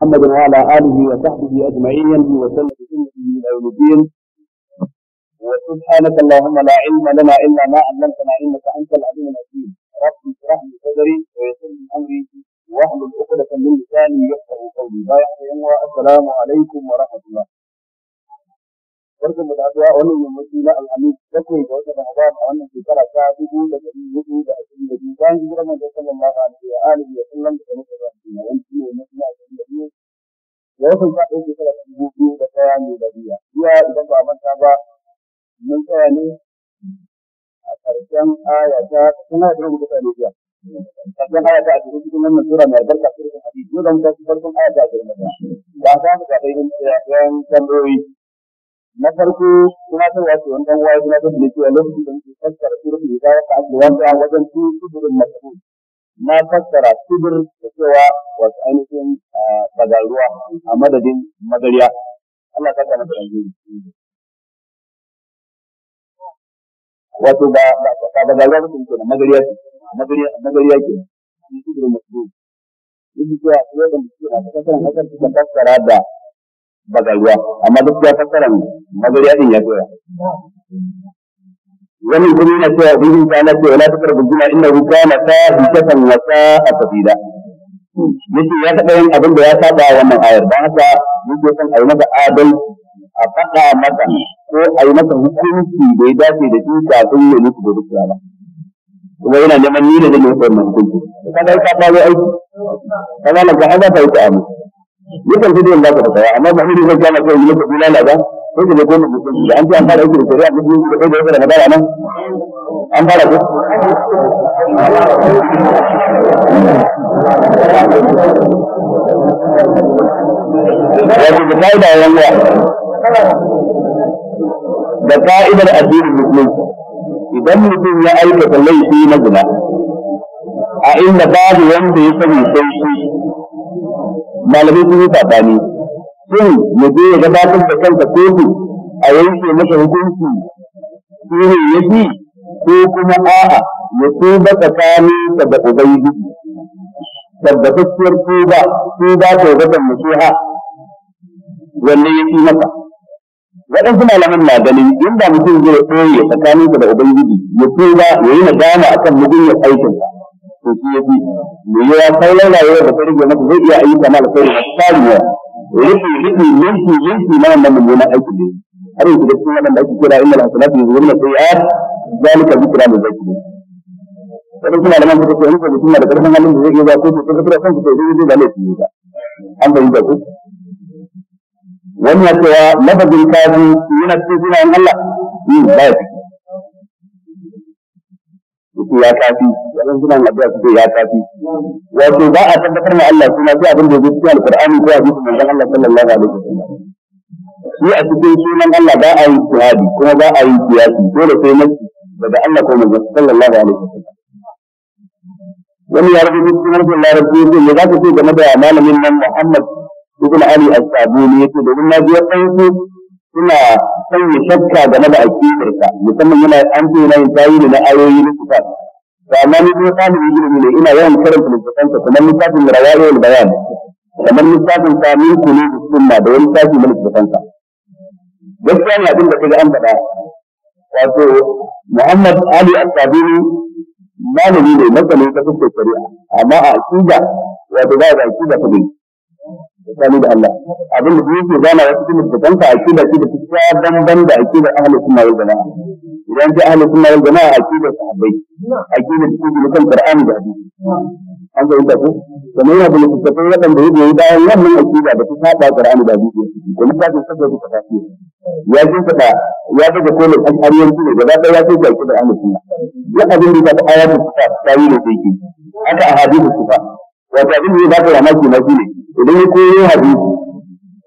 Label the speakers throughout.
Speaker 1: محمد وعلى
Speaker 2: آله وصحبه أجمعين وسلم بسنته إلى يوم الدين وسبحانك اللهم لا علم لنا إلا ما علمتنا إنك أنت العليم الحكيم رب اشرح لي
Speaker 1: صدري ويسر لي أمري واحلل عقدة من لساني يحفظ قولي لا يحزن السلام عليكم ورحمة الله barkan mu da zuwa wannan yammaci na alhamis bakwai ga wata ramadan a wannan shekara ta dubu da dari hudu da ashirin da biyu bayan hijirar manzon sallallahu alaihi wa alihi wa sallam da kuma sabbin wani shi ne mutum a cikin gari da wasan ta ɗauke shekara ta dubu biyu da ɗaya ne da biya zuwa idan ba manta ba mun
Speaker 2: tsaya ne a ƙarshen aya ta sun haɗa da mutane ne biya ƙarshen aya ta a cikin cikin wannan sura mai albarka sura hadisi yau da mutane farkon aya ta a cikin gari ba za mu ga ɗaya ɗayan tambayoyi na farko kuma sai wato wani dan wani na da cewa lokacin da muke fassara su al-hijra ta ake wanda wajen su kudurin masu na fassara kudur da cewa wato ainihin bagaruwa a
Speaker 1: madadin magariya Allah kama da
Speaker 2: wato ba ba ba kuma ce ce kudurin cewa mutum kasar kasar fassara da bagaruwa amma duk ya fassara magariya din ya koya Wani kuma yana cewa ubangiji ta na cewa la takar bujuma inna hu kana hikatan wa ta sabila yace ya taɓa yin abin da ya saba wannan ayar dan haka yake son a yi masa adal a faɗa masa ko a masa hukunci da ya dace da shi kafin ya mutu da duk ba kuma yana neman ni da zai yi wannan hukunci kaga ta saba aiki kaga nan ga hada ta yi ta amince yakan fi yin zaka fita amma ba hiri zai kama kai yake kula da ba sai da gona mutum da an ji an fara aiki da shari'a da shi da kai da madara nan an fara ko wato da ka'ida ya wani da ka'idar addinin musulunci idan mutum ya aikata laifi na guna a inda babu wanda ya sani sai shi malamai sun yi sabani sun ya je ya gabatar da kanka kotu a yanke masa hukunci shi ne ya fi ko kuma a'a ya tuba tsakaninsa da ubangiji tabbatacciyar tuba tuba tawbatan nasiha wanne ya fi masa waɗansu malaman na ganin inda mutum zai tsakanin tsakaninsa da ubangiji ya tuba ya yi nadama akan ya aikinsa to shi ya fi me yawa sauran rayuwar da ta rage zai iya ayyuka na alkhairi masu rufe rufe yanki yanki na wannan aiki ne har yanzu da cikin ake kira zalika zikra sai suna da mantuka sai mutum da karfin halin da zai ba ko ku sai dai laifi ne ba an bai da ku wannan cewa lafazin kaji yana cikin sunan Allah ba suke ya kafi wannan suna addu'a suke ya kafi wato ba a tabbatar ma Allah kuma sai abin da yake alqur'ani ko hadisi manzon Allah sallallahu alaihi wasallam shi a cikin sunan Allah ba a yi jihadi kuma ba a yi kiyasi dole sai nasi daga Allah ko manzon sallallahu alaihi wasallam wani ya rubuta sunan Allah rabbi ne ya zaka ce game da malamin nan Muhammad ibn Ali as-Sabuni yake da na ji ya san suna sanya shakka game da aƙidarka musamman yana an ce yana yin tayi ne na ayoyi na kitab to amma ni kuma ɗalibin ilimi ne ina yawan karanta littafansa kamar littafin rawayar bayan kamar littafin samin kulu da sunna da wani tashi na littafansa gaskiya ne abin da kaga an faɗa wato Muhammad Ali Al-Sabini malami ne masanin ta fuskar shari'a amma a aƙida wato ba da aƙida ta bai tsakani da Allah abin da yake gana wasu cikin mutukan ka akida ce da ta banban da akida ahlus sunna wal jamaa idan ji ahlus sunna wal jamaa akida sahabbai akida cikin mutukan qur'ani da hadisi an ga inda ko kuma yana da mutukan da yake yi bayan wannan akida da ta saba qur'ani da hadisi kuma ta ce saboda ta tafi ya ji fada ya daga kolin al'ariyan ne gaba ɗaya ya ce ga ahlus sunna duk abin da ta ayatu ta yi da yake haka ahadithu ta wato abin da ya ba ta mamaki na shine idan ya koyo hadisi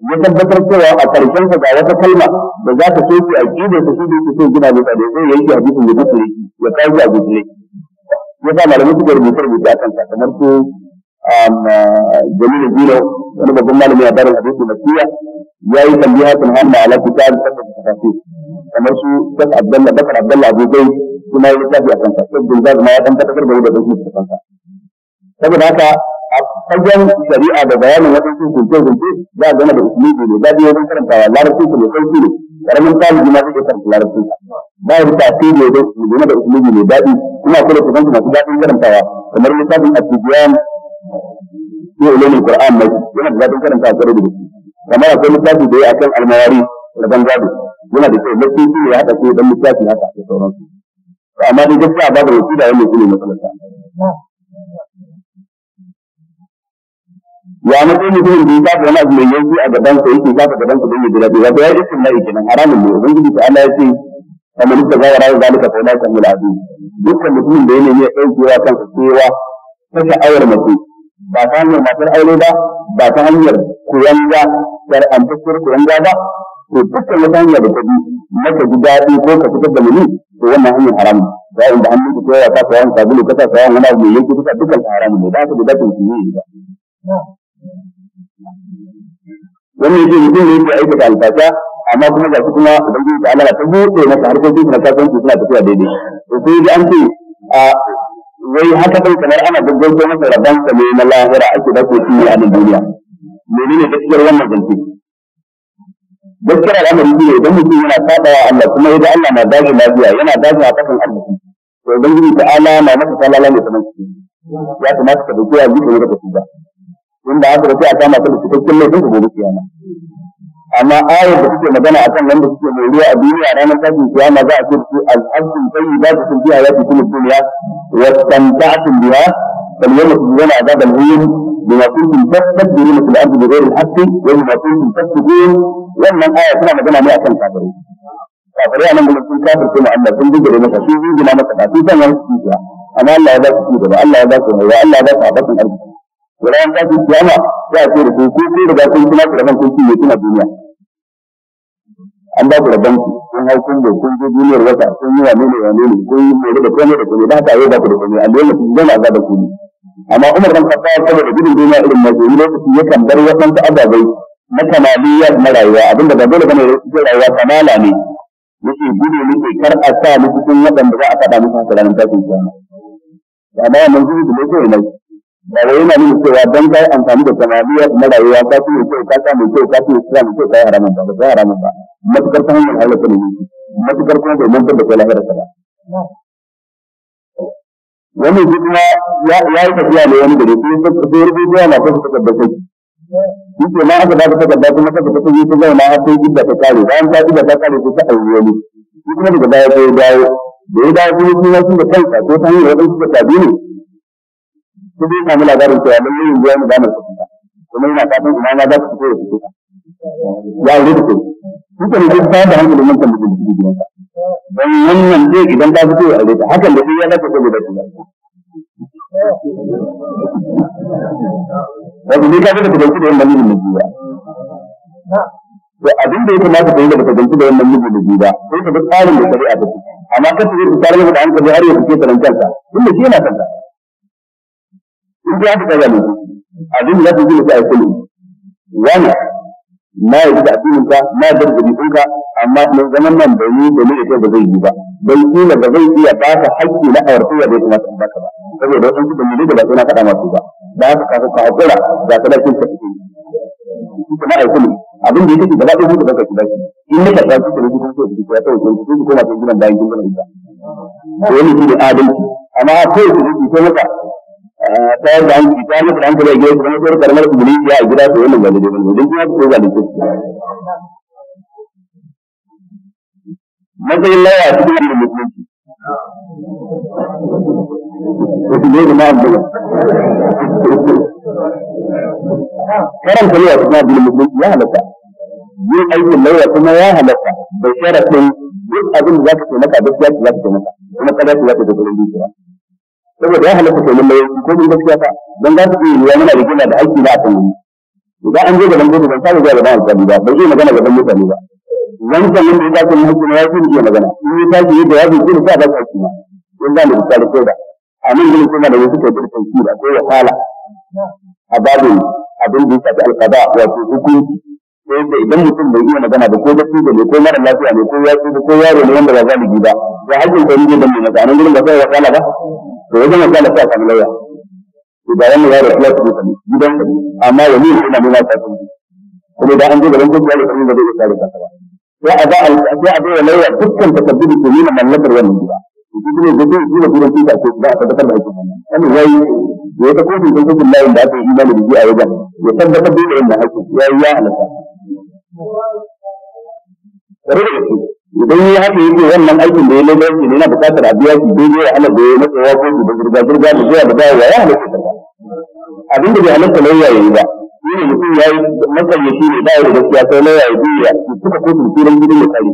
Speaker 2: ya tabbatar cewa a karshen sa ga wata kalma da za ta soke a kidar ta shi da gina mutane sai ya yi hadisin da take ya kawo a gudule ya sa malamai suka rubuta rubuta kan sa kamar su um, Jamilu Biro wani babban malami a barin hadisi na siya ya yi tambiya sun hanna ala kitab tafsir kamar su Sheikh Abdullah Bakar Abdullah Abu Zaid kuma ya tafi a kansa Sheikh Bin ma ya dan tabbatar da da su kansa saboda haka a fagen shari'a da bayanin waɗansu hukunce-hukunce za a gama da usulubi ne ba biyo don karantawa larabci ne sauki ne karamin talibi ma take karanta larabci ba ya da tafi ne don su gama da usulubi ne daɗi kuma akwai da kusanci masu daɗin karantawa kamar littafin at ko ulumul qur'an mai yana da daɗin karantawa kare da gaske kamar akwai littafi da ya akan almawari da banzado yana da kyau lafi shi ne haɗa ko dan haka da sauransu amma dai gaskiya ba da wasila wannan shi ne matsalar ya matsayin mutumin da ya mai yanzu a gaban sa yake zaɓa gaban sa don ya ji daɗi wato ya iskin mai kenan haramun ne ubangiji ta Allah ya ce kamar da zalika dukkan mutumin da ya ya ɗauke wa kansa cewa ta ba ta hanyar matar aure ba ba ta hanyar koyan ga shar'antacciyar ga ba to dukkan wata hanya da ta bi maka ji daɗi ko ka fitar da muni to wannan hanyar haramun ba inda an mutu ko ya ka koyon ka wani abu mai dukkan haramun ne ba da
Speaker 1: ne
Speaker 2: wannan yake mutum ne yake aikata alfata amma kuma ga su kuma da ta Allah ta buɗe masa harkokin su na kasuwanci suna tafiya daidai to sai ji an ce a wai haka dai kamar ana gaggauto masa rabon sa ne na lahira ake da kofi a nan duniya menene gaskiyar wannan zance gaskiyar al'amari ne idan mutum yana saba wa Allah kuma idan Allah na dace lafiya yana dace a kasan arziki to ubangiji ta na masa salala ne kamar shi ya kamata ka dauki ka ba inda aka rufe a kama ta da cikakken laifin su gobe kiyama amma ayar da suke magana akan wanda suke moriya a duniya ranar tashin kiyama za a ce su al'abdin tsayi za su tafiya ya fi kuma duniya wa tanta'atun biya bal yawma tuzuna azabal hayyin bima kuntum tastakbiruna fil ardi bighayri al-haqqi wa bima kuntum tastakbirun wannan aya tana magana ne akan kafirai kafirai anan gurin sun kafirce mu Allah sun bigire masa sun jingina masa da sun san wani cikiya amma Allah ya ba su ci gaba Allah ya ba su mai Allah ya ba su abakan arziki ran ta kiyama za a ce da ku kun riga kun kuma rabon kun ci kuna duniya an ba ku rabon ku kun hau kun da kun je duniyar wata kun yi wane ne wane ne kun yi mere da komai da komai da haka yau ba ku da komai an dole kun zama azaba ku amma Umar dan Khattab saboda gudun duniya irin mai yi lokaci ya kan bar wasan ta ababai na kamaliya na rayuwa abinda ba dole bane cikin rayuwa kamala ne yake gudu nake kar a sa ni cikin waɗanda za a faɗa musu haka ranar tashin kiyama amma yanzu da ne ba wai yana nuna cewa dan kai amfani da samariya na rayuwa ka fi kyau ka samu ka fi ka haramun ba ba haramun ba ta hanyar ne kuma bai mantar da kai wani kuma ya yi tafiya ne gari ta yana ta ta na aka takarda kuma ta tabbata yi ta zauna har sai gidda ta kare bayan ta gidda ta kare ko ta aure wani kuma daga baya dawo da ya dawo kuma shi da kansa ko ta hanyar da tabi ne su zai samu labarin cewa lallai yanzu ya mu gane su kuma kuma yana fatan ina ma za su fito da ya ba da hankali mun kan da su ka
Speaker 1: wannan zai idan ba fito ta hakan da sai ya
Speaker 2: ka da malibin da jiya to abin da ya kamata ka yi da da malibin da jiya sai ka tsarin da shari'a ta amma da hankali har ya fice karantar ka shi yana kanta in ya fi kaza ne abin da zai gina sai kullu wani ma ya da addinin ka ma da dabi'un ka amma mun zaman nan da ni da ni ita ba zai yi ba bai kila ba zai iya ba ka haƙƙi na auratuwa da kuma ba ka ba saboda wasu da mu da ba na faɗa masu ba da haka ka ka hakura da ka dace ka kuma ai kullu abin da yake gaba ɗaya da ka kida in ka ta cikin rubutun ko da ya tawo ko ko ma cikin gidan bayan da ka to ne shi da adalci amma ko da yake ko maka tsayar da hankali ta musu hankali a gida su zama tsayar karamar su guri ya a gida su wannan gani daban don kuma su zalin su matsayin laya a cikin da mutunci wasu ne da ma'am karanta laya su na bilin mutunci ya halatta yin aikin laya kuma ya halatta da sharafin duk abin da za ka taimaka gaskiya za ka taimaka kuma kada su za ka taimaka saboda ya halatta kenan mai ko mun gaskiya ta dan za su yi ruwa muna da gina da aiki na akan wani idan an je gaban gobe ban samu zuwa gaban alƙali ba ban yi magana gaban mutane ba wancan wanda ya dace mun kuma ya fi iya magana in ya tashi yadda ya fi gina sa ba su aiki ma in da mu misali ko da a nan gina kuma da wasu ke da tafsira ko ya fala a babin abin da ya shafi alƙada wato hukunci ta yadda idan mutum bai iya magana ba ko bacci da ne ko mara lafiya ne ko ya ci ko yaro ne wanda ba za mu ba ya hakin ta ne mai masa anan gurin ba sai wasala ba to wajen wasala sai a kan lauya to ba ba yaro ya ci ne gidan amma wani ina nuna ta kuma kuma da an da garin gobe da kuma da zai kare ka ba sai a ba a sai a bai lauya dukkan takaddubi ko nuna mallakar wannan gida shi ne da zai da gurin tuta ba a tabbatar da aikin wannan wannan yayi da ya ta kofin kan kofin layin da aka yi imani da a wajen ya tabbatar da yin da haƙƙi ya yi ya halatta
Speaker 1: Kare
Speaker 2: da gaske, idan ya haka yake wannan aikin da ya lalace ne yana buƙatar a biya shi daidai da Allah da ya masa ya koyi da zirga-zirga da zuwa da dawowa ya halatta ba. Abin da bai halatta lauya ya yi ba, shi ne mutum ya yi shi ne ba ya da gaskiya sai lauya ya biya ya suka kotun turan gidan ya kare.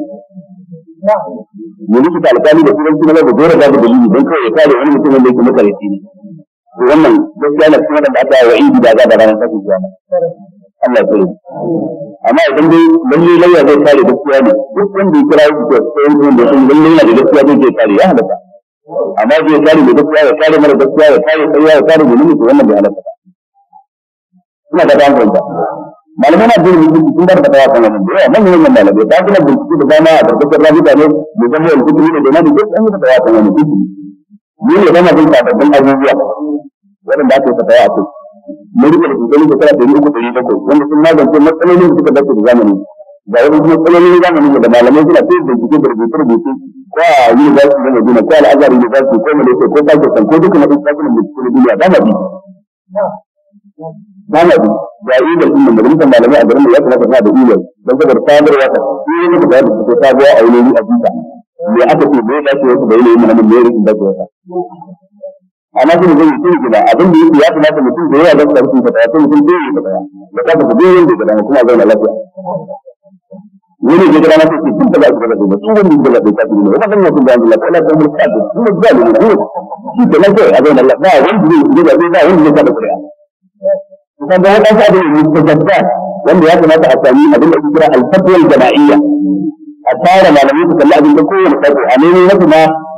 Speaker 2: Yanzu kita alƙali da turan gidan da dole da dalili don kawai ya kare wani mutumin da yake matsayyaci ne. Wannan gaskiya na cikin da aka yi wa idi da za da ranar sakin kiyama. Allah ya amma idan dai lalle lauya zai kare gaskiya ne duk wanda ya kira shi ko sai wanda da san lalle yana da gaskiya zai je kare ya halaka amma zai kare da gaskiya ya kare mara gaskiya ya kare sai ya kare da to wannan bai halaka ina da sun bar da kan da malamai ta kuma bincike da dama a karkashin rabuta ne da zama yanzu kuma ne da duk an yi da kan ne zama bin sababbin abubuwa waɗanda aka yi a kai mun rika da kokarin da ɗari uku ɗari bakwai wanda sun magance matsalolin da suka dace da zamani da wani kuma matsalolin zamani da malamai suna sai da jike da rubuce rubuce ko a yi za su zama gina ko al'azari da za su ko malaysia ko pakistan ko duka na ɗauka suna bincike duniya ba na bi ba na bi ga yi da kuma majalisar malamai a garin da ya kamata sa da iliyar don saboda sadarwa ta shi ne da ta sabuwa a wani a jika me aka ce bai dace wasu bai ne mana mun ne rikin dace wata amma shi zai yi shi da abin da yake ya kamata mutum da yawa da karfin ka ta mutum da yake da ya kafa ku da yake da kuma zai lafiya wani da gidan masu cikin da ba su da ba su wani da ba ta ne wannan ne kun da Allah ko Allah ko mun ta kuma zai ne ko shi da lafiya a zai Allah ba wani da zai zai ba wani da zai kula kan da wata sa da mutajadda wanda ya kamata a sami abin da ake kira al-fatwa al-jama'iyya a tsara malamai su kalli abin da kowane farko a neman wasu ma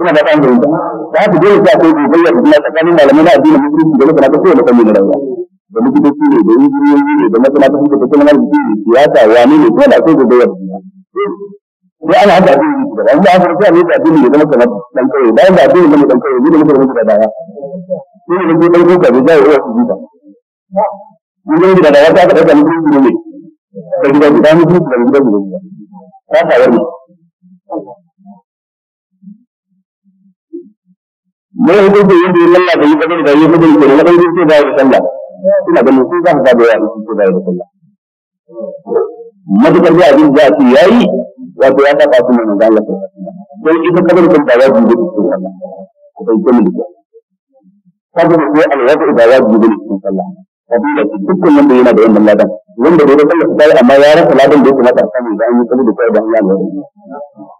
Speaker 2: ina da ɗan gari da haka dole sai akwai gogayya da kuma tsakanin malamai na addinin musulunci da masana ta kowane fanni na rayuwa da likitoci ne da injiniyoyi ne da masana ta fuka tattalin arziki ne siyasa ne da ana haka addini da ne da addini dan addini da da ne ko dan kuka da zai ne da da ne da da mai hukunci yadda ya lalla da yi kadar da yi hukunci da na ɗauki sai ba ya sallah ina ganin sai za ka ya hukunci ya sallah matukar da abin da ake yayi wato ya saba su mai manzo Allah sai ita kadar kan ba yi da cikin sallah ku bai kuma da saboda ya alwadu ba wajibi da cikin sallah kabila ce dukkan wanda yana da wannan ladan wanda bai da sallah sai amma ya rasa ladan da yake mata mai da an yi kuma da kai da Allah ya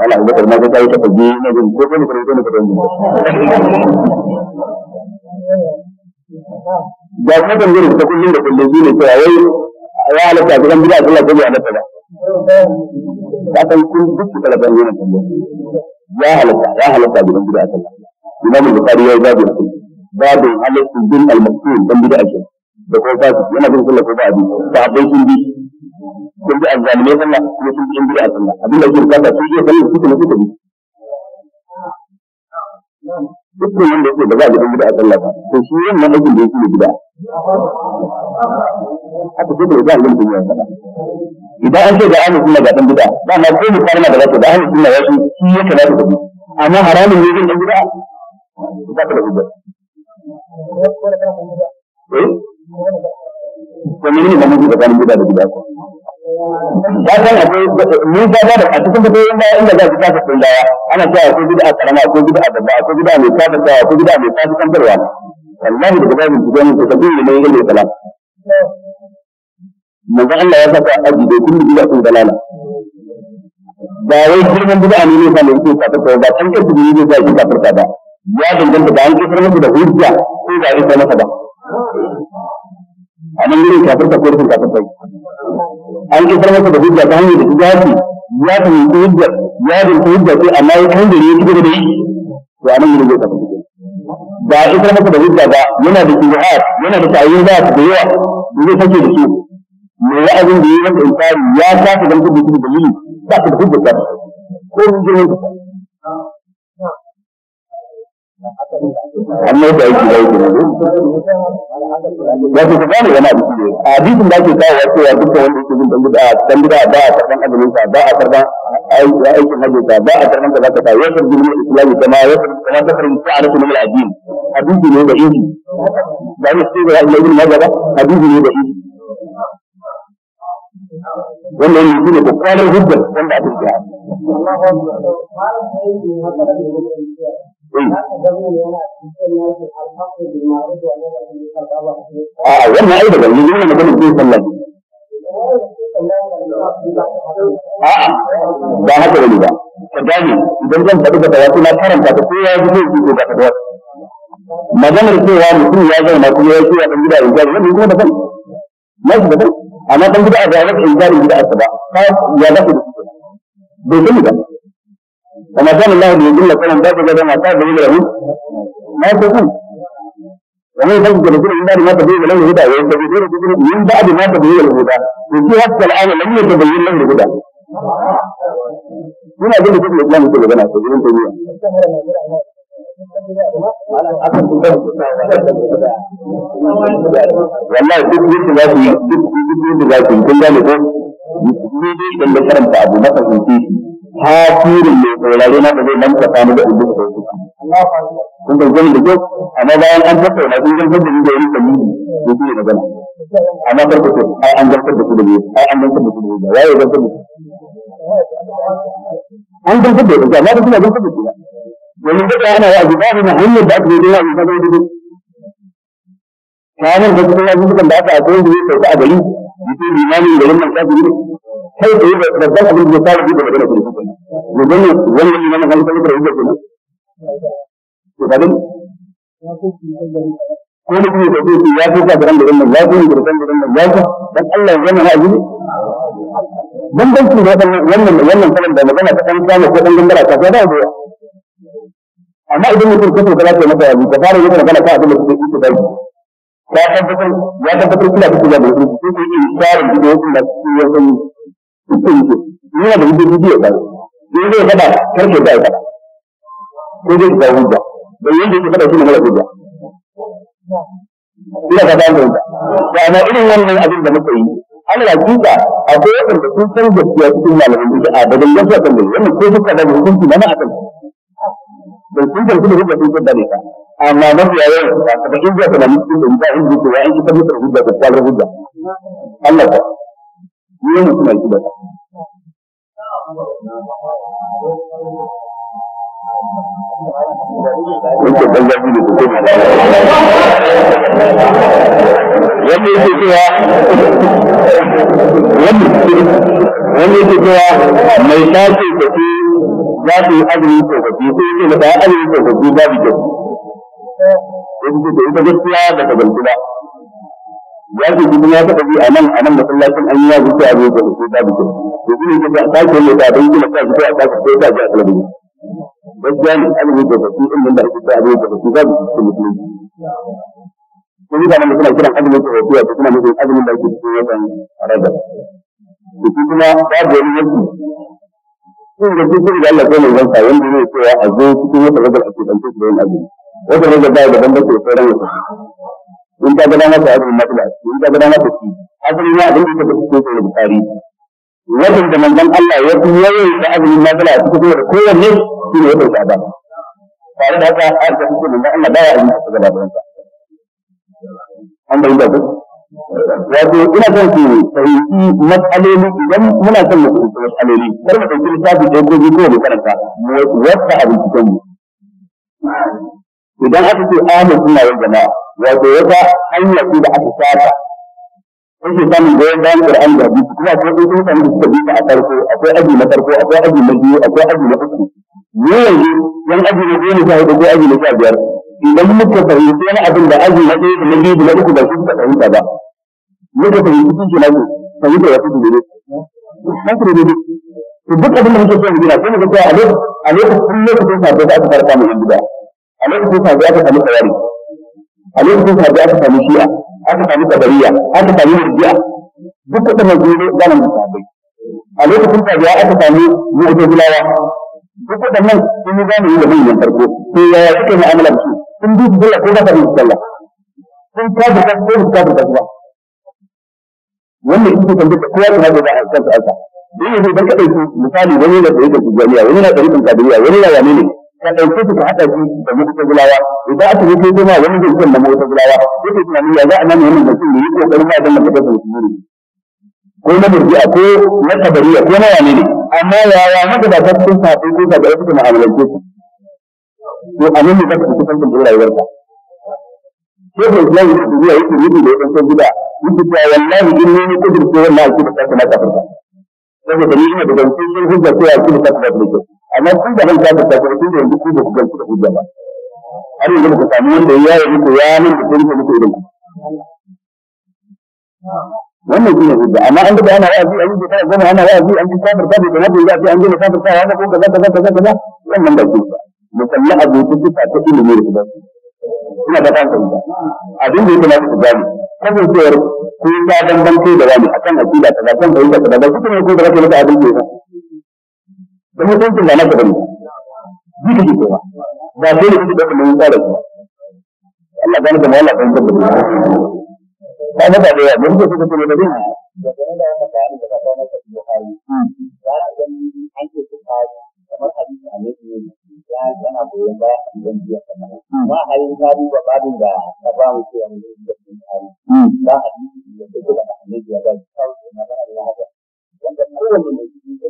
Speaker 2: wala abu bakar ma ga kai ta fage na jin ko ne ko ne ko ne da kuma da gurin da kullun da kullun shine cewa wai ya halatta ga gida Allah ko ya halatta ba ka san kun duk da ban yana ya halatta ya halatta ga gida Allah Imam Bukhari ya yi babu babu halatta bin al-maqtul dan gida ake da ko ba yana bin kullu ko ba abin sahabbai sun bi sun bi azzalimai sallah kuma sun bi yan bid'a sallah abinda yake bukata su iya sallah su kuma suka bi dukkan wanda yake da za a bi bid'a sallah ba to shi wannan aikin da yake da bid'a
Speaker 1: haka sai da za a yi mutum
Speaker 2: ya sallah idan an ce da ahlus sunna ga dan bid'a ba ma ko mukarrama da zaka da ahlus suna ya shi shi yake da tafi. amma haramun ne jin dan bid'a ba ka da hujja eh? to mun ne zamu da ganin gida da gida ko ka san akwai mun ga da a cikin da inda inda za ka ta tsaya ana cewa akwai gida a karama akwai gida a babba akwai gida mai kafa tsawa akwai gida mai ta kantarwa wallahi da gaba mun gidan ko sabbi ne ne ne salam manzo Allah ya saka aji da kullu gida sun dalala ba wai girman bid'a ne ne ba ne yake kafa ba kan kafa ne ne zai kafa ba ya danganta da an kafar da hujja ko ba ya kafa ba a nan yin kafirta an kisar masa da hujja ta hanyar da ta zafi ya fahimci hujja ya ta hujja ce amma ya kan ya ta gaba da shi to a nan yin zai ba a fara masa da hujja ba yana da kiwa'at yana da ta'ayyun za su da yawa da zai fake da su me ya abin da ya yi wanda in ya kasa don kudu da dalili ba su da hujja ta ko mun
Speaker 1: amma da yake da yake yana a da ake
Speaker 2: kawo wato ya duka wanda yake jin dan bid'a ba a karban ba a karban aikin hajji sa ba a karban ya ne islami ya karin hadisi ne da ne sai kokarin hujjar wanda ake
Speaker 1: Mm. a ah, wannan ai daga yanzu ne maganar bin
Speaker 2: sallah ah, a'a ba haka bane ba ka gane idan zan faɗi da wasu na karanta ta kowa ji zai fito da kadawar maganar cewa mutum ya zauna kuma ya ce ya dan gida in jari wannan kuma daban na shi daban amma dan gida a da ya zaka in jari gida a ba ya zaka da bai sani ba وما كان الله ليضل قوما بعد إذ هداهم بل له ما يتقون ومن يفجر رسول الله ما تبين له الهدى ويستبشر رسول من بعد ما تبين له الهدى وفي حتى الآن لم يتبين له الهدى من أجل كل الإسلام كل بنات ابن تيمية
Speaker 1: wallahi duk yadda da su da duk da za kun gane ko
Speaker 2: yadda karanta abu na fahimce shi tasirin mai saurare na da zai dan ka da ubin da kun da da kyau amma bayan an tattauna sun ga da da yake da ni to shi ne magana amma farko to ai an gantar da su da ai an gantar da su da waye gantar da su an da amma da suna gantar da su domin duka ana wa'azi ba na hanyar da aka yi da a zama daidai ta hanyar da kuma yanzu da aka akwai wanda zai sauka a gari mutum limamin garin nan ta ne kai da yadda da da magana kuma kuma ne wannan kan kuma da kuma to dan
Speaker 1: ko kuma da
Speaker 2: ya fi da ya fi da Allah ya zama dan dan da wannan wannan kalan da magana ta kan samu ko dan ta da da amma idan mutum kafa kala ta masa yabi ka fara yin magana ka da yi ya tabbatar ya tabbatar kula da kula da su sai sharin da
Speaker 3: yake uku uku yana da hujjoji biyu ba
Speaker 2: in zai faɗa kar ka ga faɗa ko
Speaker 3: zai ga hujja bai yanda yake faɗa shi ne mara hujja
Speaker 1: ina ka san hujja to
Speaker 2: amma irin wannan abin da muka yi ana hakika yakan da sun san gaskiya cikin malamin bid'a da dan gaskiya kan wannan ko suka da hukunci na akan sun san kuma hujja sun da ne amma mafi yawan ka da hujja kana mutum da hujja in ji ko ya in ka mutum hujja ka kwallo hujja Allah ka ni ne suna kida ta yake
Speaker 1: dan da kuke mai wanda yake
Speaker 2: cewa wanda yake cewa mai sace tafi za su yi azumi ce sai yake da azumi tsofaffi babu kyau yake da ita gaskiya da ta balkula ya ce kuma ya taɓa bi a nan a nan masallacin an yi ya zuci a zuci ko ta bi to shi ne ta ta ce ne ta don kuma ta zuci a ta ko ta ji a talabijin gaskiya ne an yi gabatu in nan da ake ta abin gabatu za mu ci musulunci kuma da nan suna kiran azumin gabatu ya kuma mutum azumin da ake cikin watan rajab to shi kuma babu wani yanki sun ga duk da Allah ko mai zanta wanda ne cewa a zo cikin watan rajab a cikin da yin azumi watan rajab ba da bambanci da sauran wata in ka gada masa azumin nafila in ka gada masa ci azumin ya abin da yake cikin sahih bukhari wajen da manzon Allah ya fi yawan da azumin nafila a kuma da kowanne shi ne ya dauka ba tare da haka an ka cikin manzon Allah baya yin haka gaba da sa an bai da duk wato ina son ku
Speaker 3: fahimci
Speaker 2: matsaloli idan muna son mu fahimci matsaloli kar mu ɗauki lissafi ɗaya ko biyu karanta mu wasa a binciken mu idan aka ce ahlus suna yin jama'a wato wata hanya ce da aka saba kake samun goyon bayan Qur'ani da hadisi kuma akwai wasu mutane da suka a farko akwai aji na farko akwai aji na biyu akwai aji na uku yanzu yan aji na goma sha hudu ko aji na sha biyar idan muka fahimci wani abin da aji na ɗaya na biyu na uku ba su ka fahimta ba muka fahimci sun kina su fahimta na su dole to duk abin da muke so mu gina sai mu ga a lokacin lokacin sa da aka farka mu yanzu da a lokacin sa da aka samu tsawari a lokacin sa aka samu shi'a aka samu kabariya aka samu murji'a duk da nan gobe zanan musabai a lokacin sa aka samu mu'tazilawa duk da nan sun yi zamani da bayyana farko to yaya suke mu'amala da su sun bi su ko za ka bi sallah sun kafa ka ko ka kafa ba wannan ita tambaye kowa ta hada da kansa aka dole ne dan kadai misali wani na da yake jami'a wani na da ɗin kabariya wani na yamini ne ka ɗauke su ka haɗa shi da mutagulawa idan aka yi kai kuma wani zai kyan da mutagulawa sai ka tunani ya za a nan wannan mutum yi ko ƙarfi a dan da kake ne ko na murji'a ko na tabariya ko na wane ne amma yaya maka da ta cikin sa'a ko ka ga wasu na su to a nan ne za ka fi kusan kan rayuwar ka ko da ya yi su zuwa yake nufi da ya ɗauko gida yake cewa wallahi in ne ni kudurce wannan a cikin sa'a na kafin ka saboda ni ina da zancen hujja ko a amma kun da hanta da kafin kun da yanzu ku da kuka da hujja ba har yanzu ku samu wanda ya yi muku ya min da kun muku irin
Speaker 1: wannan shine hujja
Speaker 2: amma an da ana wa'azi an yi da gama ana wa'azi an yi kafir kafir da nabi ya ce an gina kafir kafir haka ko kaza kaza kaza kaza wannan ba hujja musamman abubuwan suka ta ilimi da ba, ina da kan kanta abin da yake na ku gani kasancewar kun ta bambance da wani akan akida kaza kan fahimta kaza ba kuma kun da kake mata abin da yake da mutuncin da na gaba ne ji kake kowa ba dole su da kullun tsara ku Allah gani da Allah kan da ta ga da
Speaker 1: ya ba a yi zabi ba babin da ta ba mu cewa ne da ba a yi da da ne da ba da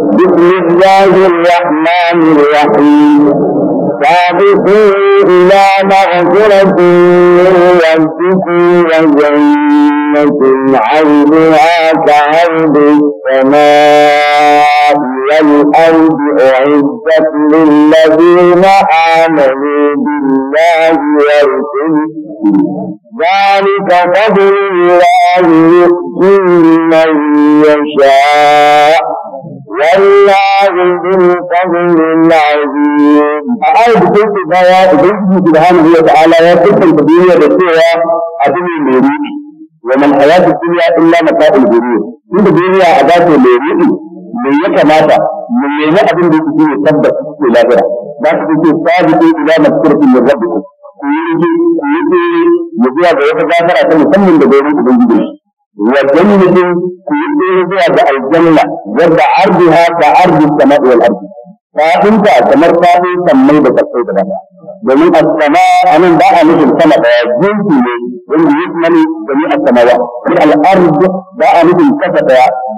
Speaker 3: بسم الله الرحمن الرحيم سابقوا إلى مغفرة من ربكم وجنة عرضها كعرض السماء والأرض أعدت للذين آمنوا بالله ورسله ذلك فضل الله يؤتيه من يشاء والله ذو الفضل العظيم أعيد كنت بها بنته سبحانه وتعالى يكتب الدنيا بسوء أدني مريدي وما الحياة الدنيا إلا
Speaker 2: متاع الغرور إن الدنيا أداة مريدي من يتماتى من يمنع أبن بيته يثبت في الآخرة لا تكون صادق إلى مذكرة من ربكم ku yi ku yi ku yi zuwa ga wata gafara ta musamman da gaurin ubangiji وجنب في على الجنة ورد عرضها كعرض السماء والأرض فأنت كمر فاضي سمي بتقصيد بها جميع السماء أنا بقى
Speaker 3: مثل السماء جنسي من يثمن جميع السماوات الأرض بقى مثل كسب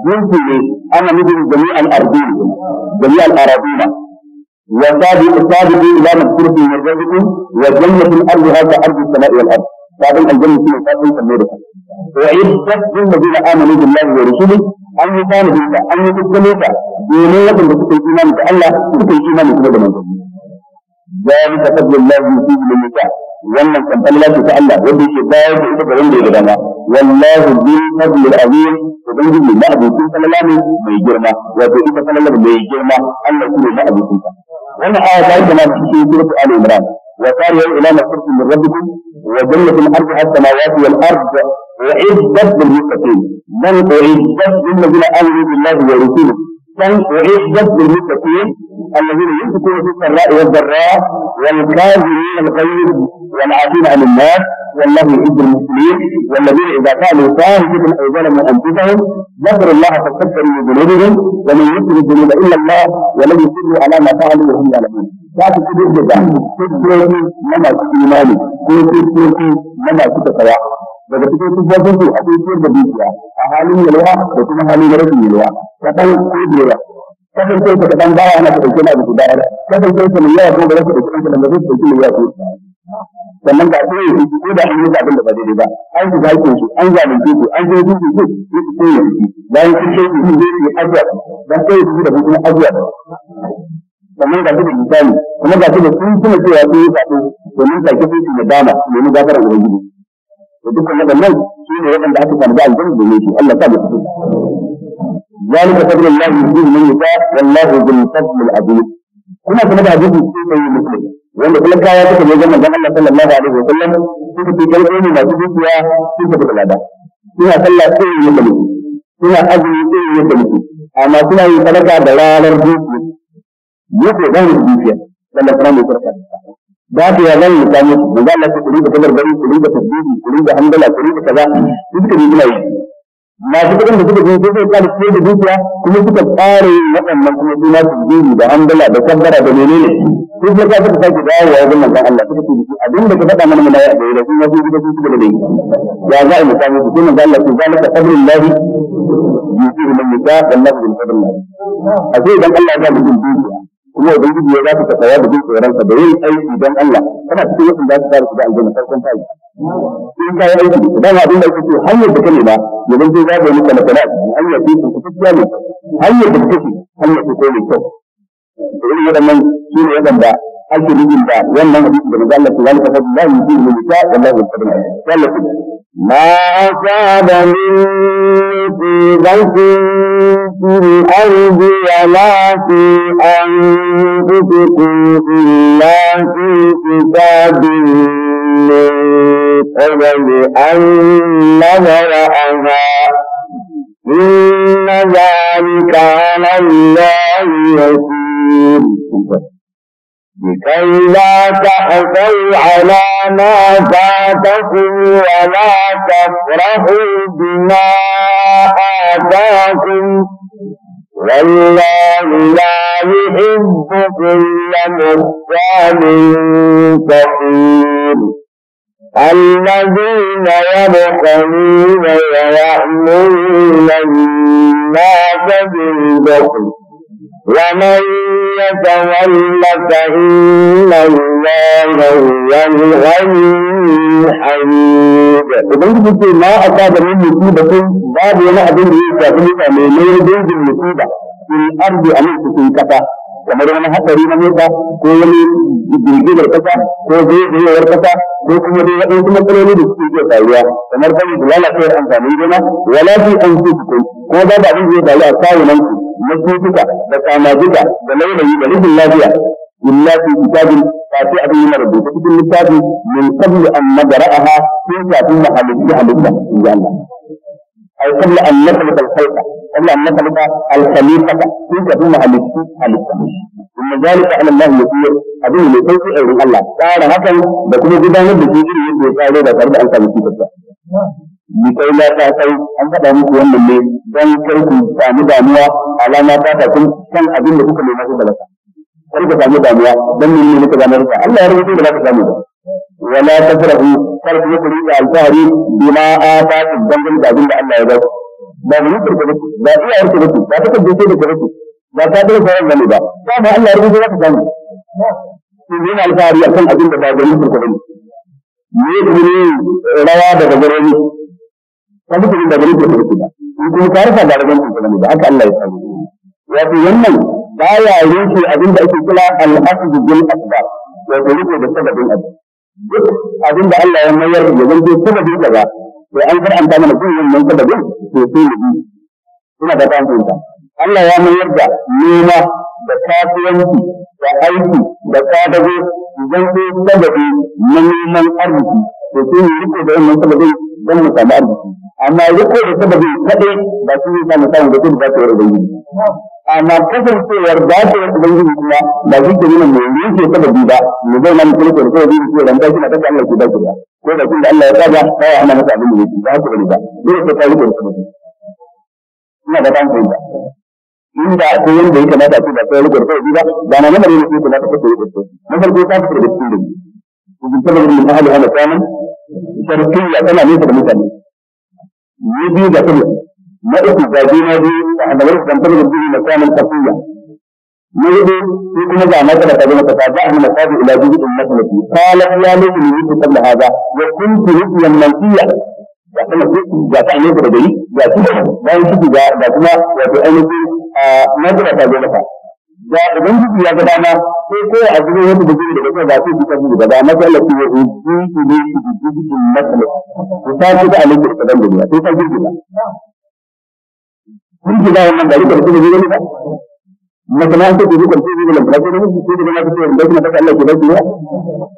Speaker 3: جنسي أنا مثل جميع الأرضين جميع الأراضين
Speaker 2: وصادق صادق إلى مغفرة من ربكم وجنة الأرض هذا أرض السماء والأرض بعدين الجنة في مكان أي تنورها وعيد من الذين آمنوا بالله ورسوله أن يقام بك أن يتكلم بك بنية بكت الإيمان الله بكت الإيمان بكت الإيمان ذلك فضل الله يجيب للنساء ومن كان الله تتعلى ودي شفاء بكت الإيمان بكت والله الدين فضل العظيم وبنجي من بعد كل كلام ما يجرمه وبنجي من كل كلام ما يجرمه أن يكون بعد كل كلام وما آتاك ما تشوفه في آل عمران وقال يا إلهنا صرت من ربكم وجنة الأرض السماوات والأرض وعزت للمتقين من أعزت الذين آمنوا بالله ورسوله من أعزت للمتقين الذين ينفقون في السراء والضراء والكاظمين الغيظ والعافين عن الناس والله يعز المسلمين والذين إذا فعلوا فاحشة أو ظلموا أنفسهم ذكروا الله فاستغفروا ذنوبهم ومن يذكر الذنوب إلا الله ولم يصروا على ما فعلوا وهم يعلمون za su kudur da ga kusurori na masu imani ko kusurori na masu tasawa daga cikin kusurori su a kusurori da dukiya a halin yalwa da kuma halin rashin yalwa ta ɗan kudewa kasan kai ka kaɗan baya ana ɗauke na da su kasan kai ka mai yawa ko ba za su ɗauke na da zai ɗauke mai yawa sannan ga ɗaya su ko da an yi zaɓen da ba daidai ba an shiga haƙƙin su an zalunce su an zo dubu su su su ɗaya bayan sun ce su zai su ajiya dan ɗaya su da kuma sannan ga da misali kuma ga da sun tuna cewa sun yi sako domin take sun shiga dama domin gafarar ubangiji to dukkan waɗannan su ne waɗanda aka tanada aljanna domin shi Allah ta da su ذلك فضل الله يؤتيه من يشاء والله ذو الفضل العظيم kuma kuma da hadisi sai sai muslim wanda kuma kaya suka je ga manzon Allah sallallahu alaihi wa sallam suka ce karbe ne masu dukiya suka da lada suna sallah sai yin da suna azumi sai yin da amma suna yin sadaka da ranar dukiya yake dan rubuciya dan Allah mai farka da ta ya zan yi samu su da Allah ku rinka kabar bari ku rinka tasbihi ku da hamdala ku da kaza duk da ina yi masu kudin da suka yi sai sai kada sai da dukiya kuma suka tsare waɗannan kuma suna tasbihi da hamdala da kabbara da menene sai sai ka suka sake dawowa wajen manzon Allah suka ce abin da ka faɗa mana mun yi a gaira sun wasu gida sun suka da ya za a yi samu su sai manzon Allah ku zalika qadrul lahi yusiru man yasha wallahu bil qadri a
Speaker 4: sai
Speaker 2: dan Allah ya ga mutum dukiya kuma ubangiji ya za ka tsaya da jin tsoronka da yin aiki don Allah kana cikin wasu za su fara shiga aljanna farkon fari
Speaker 4: in
Speaker 2: ka yi aiki da dama abin da kake hanyar da kake ba ya je za ka yi maka matsala hanyar da kake tafiya ne hanyar da kake hanyar da kake mai kyau to irin nan shi ne ya waɗanda ake nufin da wannan hadisi da Allah subhanahu wa ta'ala ya yi ne
Speaker 3: ta wallahi ta'ala sallallahu ما أصاب من مصيبة في الأرض ولا في قبل أن إن ذلك على الله يسير لكي لا تحزنوا على ما فاتكم ولا تفرحوا بما آتاكم والله لا يحب كل مختال كثير الذين يبخلون ويأمرون الناس بالبخل ومن يتول فإن الله هو الغني الحميد idan ce na aka saba min musiba sun babu wani abin da ya shafi mutane ne ya dangin musiba sun arzi a nan cikin kasa kamar
Speaker 2: wani hatsari na mota ko wani girgizar kasa ko zaizayewar kasa ko kuma dai waɗansu matsaloli da suke iya faruwa kamar kan da lalacewar amfani gona wala an fi ko babu abin da ya faru a kawunan ku na tsotuka da kamazuka da launayi da rufin lafiya illa fi kitabin kafi abin yana rubuta cikin littafin min qabli an nadara'aha sai kafin da halitta halitta in ji Allah ai qabli an nadara'aha al-khalqa qabli an nadara'aha al-khaliqa sai kafin da halitta halitta in zalika ala Allah yusir abin ne a sai Allah tsara hakan da kuma gudanar da shi irin yadda ya tsare da tare da an samu kitabta mu kai la ta kai an faɗa muku wannan ne don kar ku samu damuwa alama ta ta kun san abin da kuka nema ku balaka kar ku samu damuwa don mun ne muka gane rufa Allah ya rubuta da ka samu ba wala tafrahu kar ku ku da alfahari bima ataakum dangane da abin da Allah ya ba ku ba mu ku ba iya ku ku ba ta kaje da ku ba ta da ku ba ba ba mu Allah ya rubuta da ka samu ku ne alfahari akan abin da ba da ku ku ne ne rawa daga gare ni ka duka da gari da farko ba in kuma ka rufa da rabon tuntuɓe ba aka Allah ya samu wato wannan ba ya rufe abin da ake kira al-asdu bil asbab wato rufe da sababin abu duk abin da Allah ya mayar da ya zanto sababin kaza to an karanta mana duk wannan sababin to sai mu bi ina da ta fahimta Allah ya mayar da noma da kasuwanci da aiki da kadago idan sai sababi na neman arziki to sai mu rufe da wannan sababin don mu samu arziki amma yake da sababi kadai ba su yi samun samun da kuma wani ubangiji amma kasancewar dacewar ubangiji kuma ba shi ke nuna mai yanke sababi ba mu zai nan kuma kuma sababi ne da mutum na kasa Allah ke dace ba ko da kun Allah ya saba ba ya hana masa da yake ba haka bane ba dole sai ka riko da ina da ban fahimta inda ko wanda ya kamata ce ba sai riko da ba da na namarin ne ko na ta kace riko na farko ta fita da cikin da ku bin sababi ne ta hali hana samun
Speaker 1: sharfiya tana nesa mutane ni biyu ga kuma na uku ga juna biyu a gaban su tantar da biyu na samun tafiya
Speaker 2: ni hudu kuma ga mata da kaza mata ta ga an mata da ila biyu din mata nabi qalat ya lahi ni biyu kan hada wa kuntu ru'yan mansiya ya kuma ga ta ne gari kuma wato ainihin a nan da da ubangiji ya gada ma sai ko a zuwa wanda da zai da kuma ba sai kuka zuwa gada matsala ce ya uji ku ne
Speaker 4: ku ji
Speaker 3: cikin matsala
Speaker 1: ku ta ji da alƙur da dan duniya sai ta ji da
Speaker 3: kun ji da wannan da kuma zai ne ba matsala ta ji kun ji da lamba
Speaker 2: ko ne ku da ma ku da kuma ta Allah ke da ku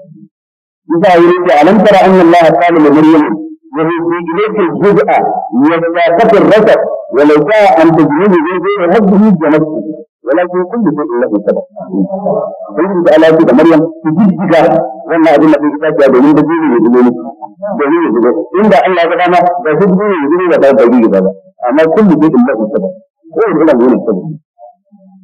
Speaker 2: إذا يريد ألم ترى أن الله قال لمريم وهي في إليك الجزء يستاقف الرسل ولو شاء أن تجنيه من غير ربه جنته wala ko kun da kun Allah ta ba sai da Allah da Maryam su ji diga wannan abin da kuka ta domin da jini ne domin domin ne domin inda Allah ya dama da su jini da ba jini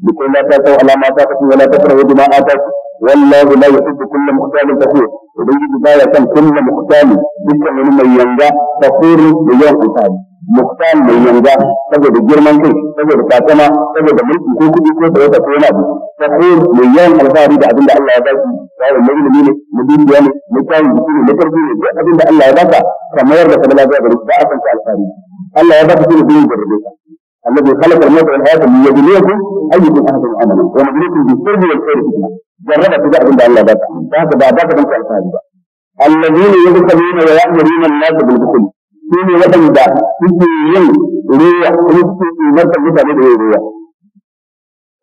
Speaker 2: لكي لا تأتوا على ما فاتكم ولا تكرهوا بما آتاكم والله لا يحب كل مختال فخور وبيجي بداية كل مختال ذكر من فخور ليوم مختال من ينجح تجد الجرمان كي تجد الكاتمة تجد الملك يكون كده كده كده كده كده كده تقول مليان الغاري بعد ان الله يبقى قال النبي مدينة مدينة يعني مكان يكون لكر دينة بعد ان الله يبقى كما يرد كما لا يبقى رسباء فانت الغاري الله يبقى كده كده كده الذي خلق الموت عن هذا من يدنيته أي من أحد العمل ومدنيته بالسرد والخير فيها جربت بعد ان الله يبقى فهذا بعد ذلك فانت الغاري الذين يدخلون ويأمرون الناس بالدخول su ne waɗanda suke yin ruwa
Speaker 3: kuma su umartar mutane da yin rewa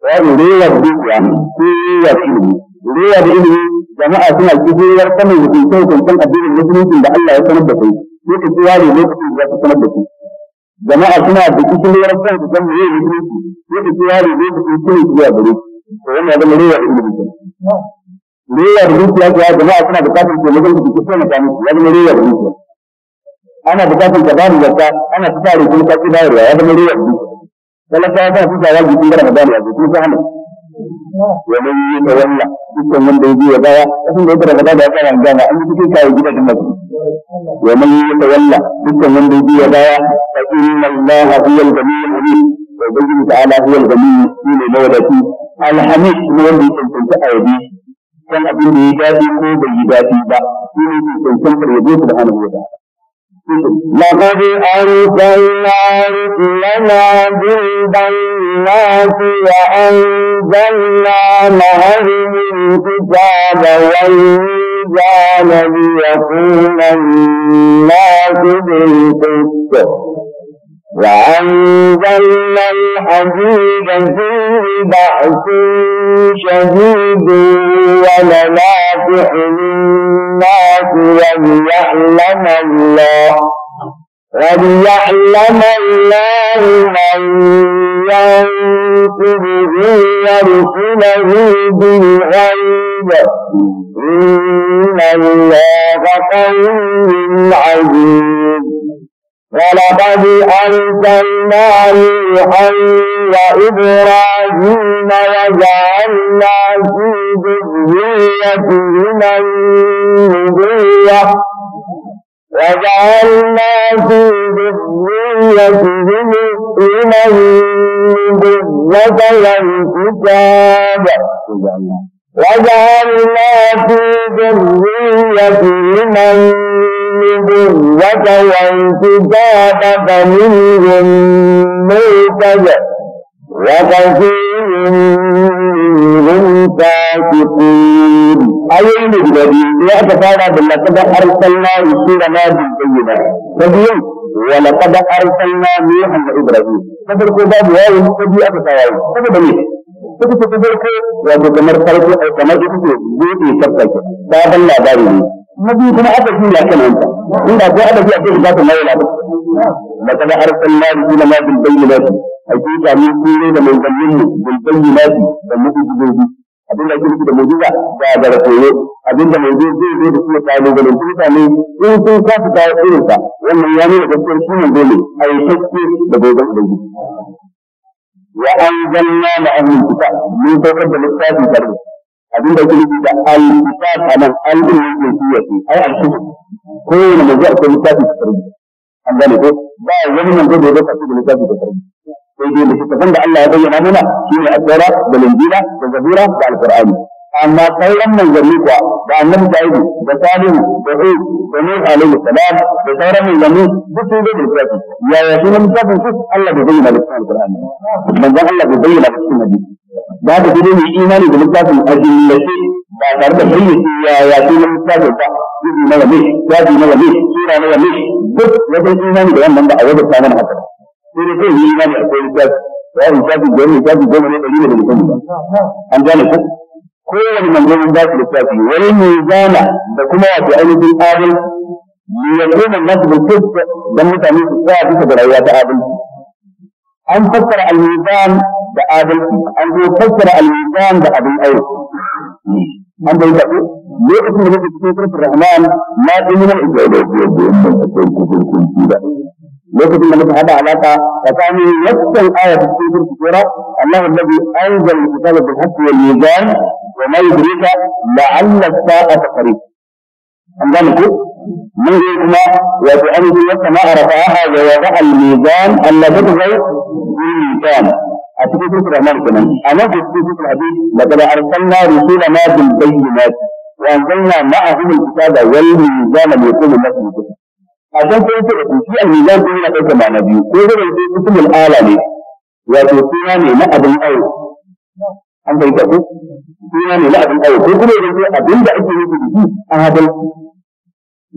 Speaker 3: wani ruwa dukiya ko ruwa ilimi rewa da ilimi jama'a suna kishiyar sanin hukuncin hukuncin addinin
Speaker 2: musulunci da Allah ya sanar da kai ware lokacin za su sanar da kai jama'a suna da kishiyar sanin da zama yin musulunci lokaci ware lokacin sanin zuwa gare to wannan zama ruwa ilimi rewa da dukiya jama'a suna bukatar taimakon da kuke na kanu ya zama da dukiya ana bukatar ka bani zakka ana fitare kuma ka tsira da ya zama ruwa. duk talaka ya fi tsara jikin gara da bani abu kuma ya mai yi ta walla dukkan wanda ya baya kasan da ya fara gaba da ya fara gana an yi cikin kayan gida da ya mai yi ta walla dukkan wanda ya baya fa inna allaha huwa al wa bayyana ta'ala huwa al shi ne mawadati al ne wanda ya tantance a kan abin da ya dace ko bai yi dace ba shi ne tantance da yabo subhanahu
Speaker 3: لقد أرسلنا رسلنا بالبينات وأنزلنا معهم الكتاب والميزان ليكون الناس بالقسط وأنزلنا الحديد فيه بأس شديد ومنافع للناس وليعلم الله وليعلم الله من ينصره ورسله بالغيب إن الله قوي عزيز ولقد أنزلنا نوحا وإبراهيم وجعلنا في ذريتهما النبوة وجعلنا في ذريتهما النبوة والكتاب وجعلنا في ذريته من ذريته والكتاب فمنهم مهتد وكثير منهم فاسقون أيوة بدي لا تفعل بالله قد أرسلنا
Speaker 2: رسولنا بالبينات فبيوم ولقد أرسلنا نوحا وإبراهيم فبركوا باب واو فبي أبو سواي فبدي ita ce ta farko wato kamar farko kamar ita ce gefe shakka ta sabon labari ne na biyu kuma aka fi ya kan hanta inda ko aka fi a cikin ta mai labari da kada arsalna rusula ma bil bayyinati hakika mun kure da manzannin mu bil bayyinati da zai abin da ake nufi da mu'jiza da gara koyo abin da mai zai zai da kuma kalubalen mutane in sun ta irin sa wannan ya nuna gaskiyar shi ne dole a yi da bai zan ubangiji
Speaker 3: wa anzalna ma ahlul kitab
Speaker 2: mun saukar da littafin tare abin da yake da al-kitab anan al-din yake yake ai al-kitab ko ne manzo a cikin littafin tare an gane ko ba wani manzo da ya kasu littafin tare sai dai littafin da Allah ya bayyana mana shine at-taura da linjila da zabura da al-qur'ani amma sauran manzanni kuwa da annabi Dawud da Salihu da Hud da Nuh alaihi salam da sauran manzanni duk sun zo da ya ya sunan littafin su Allah bai bayyana da cikin kurani manzon Allah bai bayyana da cikin hadisi da ka gudu mai imani da littafin ajillace
Speaker 1: ba tare da bayyace ya ya sunan littafin ba gudu na wani yadi na wani sura na wani duk
Speaker 2: wajen imani da wannan ba a wajen samun haka sai dai kai imani akwai littafi ya littafi goma littafi goma ne ɗari ne da kowane manzon ba su lissafi wani mizana da kuma wato ainihin adal ne ya koma nasu da kusa don mutane su sa bisa da rayuwa ta adalci an fassara al-mizan da adalci an zo fassara al-mizan da abin aure an bai da lokacin da muke cikin surfin rahman ma dinin al-isra'ila da yamman akwai kufur kun tira lokacin da muka hada alaka tsakanin waccan aya ta cikin surfin sura Allahu allazi anzala al-kitaba bil haqqi wal mizan وما يدريك لعل الساعة قريب عندما نقول من جيكما وتعرض السماء رفعها ووضع الميزان أن تبغي
Speaker 4: الميزان
Speaker 2: أتبه سوف الرحمن كمان أنا في سوف
Speaker 4: الحديث لقد
Speaker 2: أرسلنا رسولنا البينات وأنزلنا معهم الكتاب والميزان ليكون الناس بالبينات عشان كده يقول في الميزان بين الناس مع نبيه كده يقول في الآلة دي وتوصينا نعمة an bai da ku suna ne la'abin ayo ko kuma idan sai abin da ake nufi da shi adalci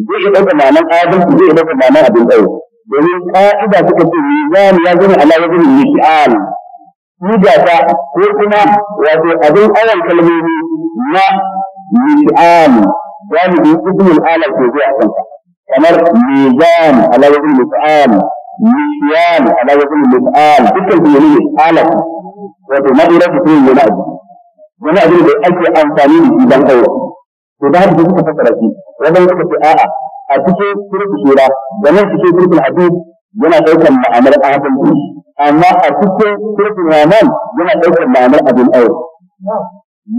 Speaker 2: zai iya ɗauka ma'anar adalci zai iya ɗauka ma'anar abin ayo domin ka'ida suka ce mizani ya zama ala
Speaker 3: wajen ni da ta ko kuma wato abin awon kalmomi na mishi'al wani bin ibn al-ala ke a kanka
Speaker 2: kamar mizan ala wajen mishi'al misyan ala wajen misal dukkan su ne alat wato na'urar su ne yana abu wani abu da ake amfani da shi dan kawo to da haka suka fassara shi wajen suka ce a'a a cikin turku shira da nan cikin turkul hadith yana daukan ma'amar ahadin amma a cikin turkul rahman yana daukan ma'amar abin aure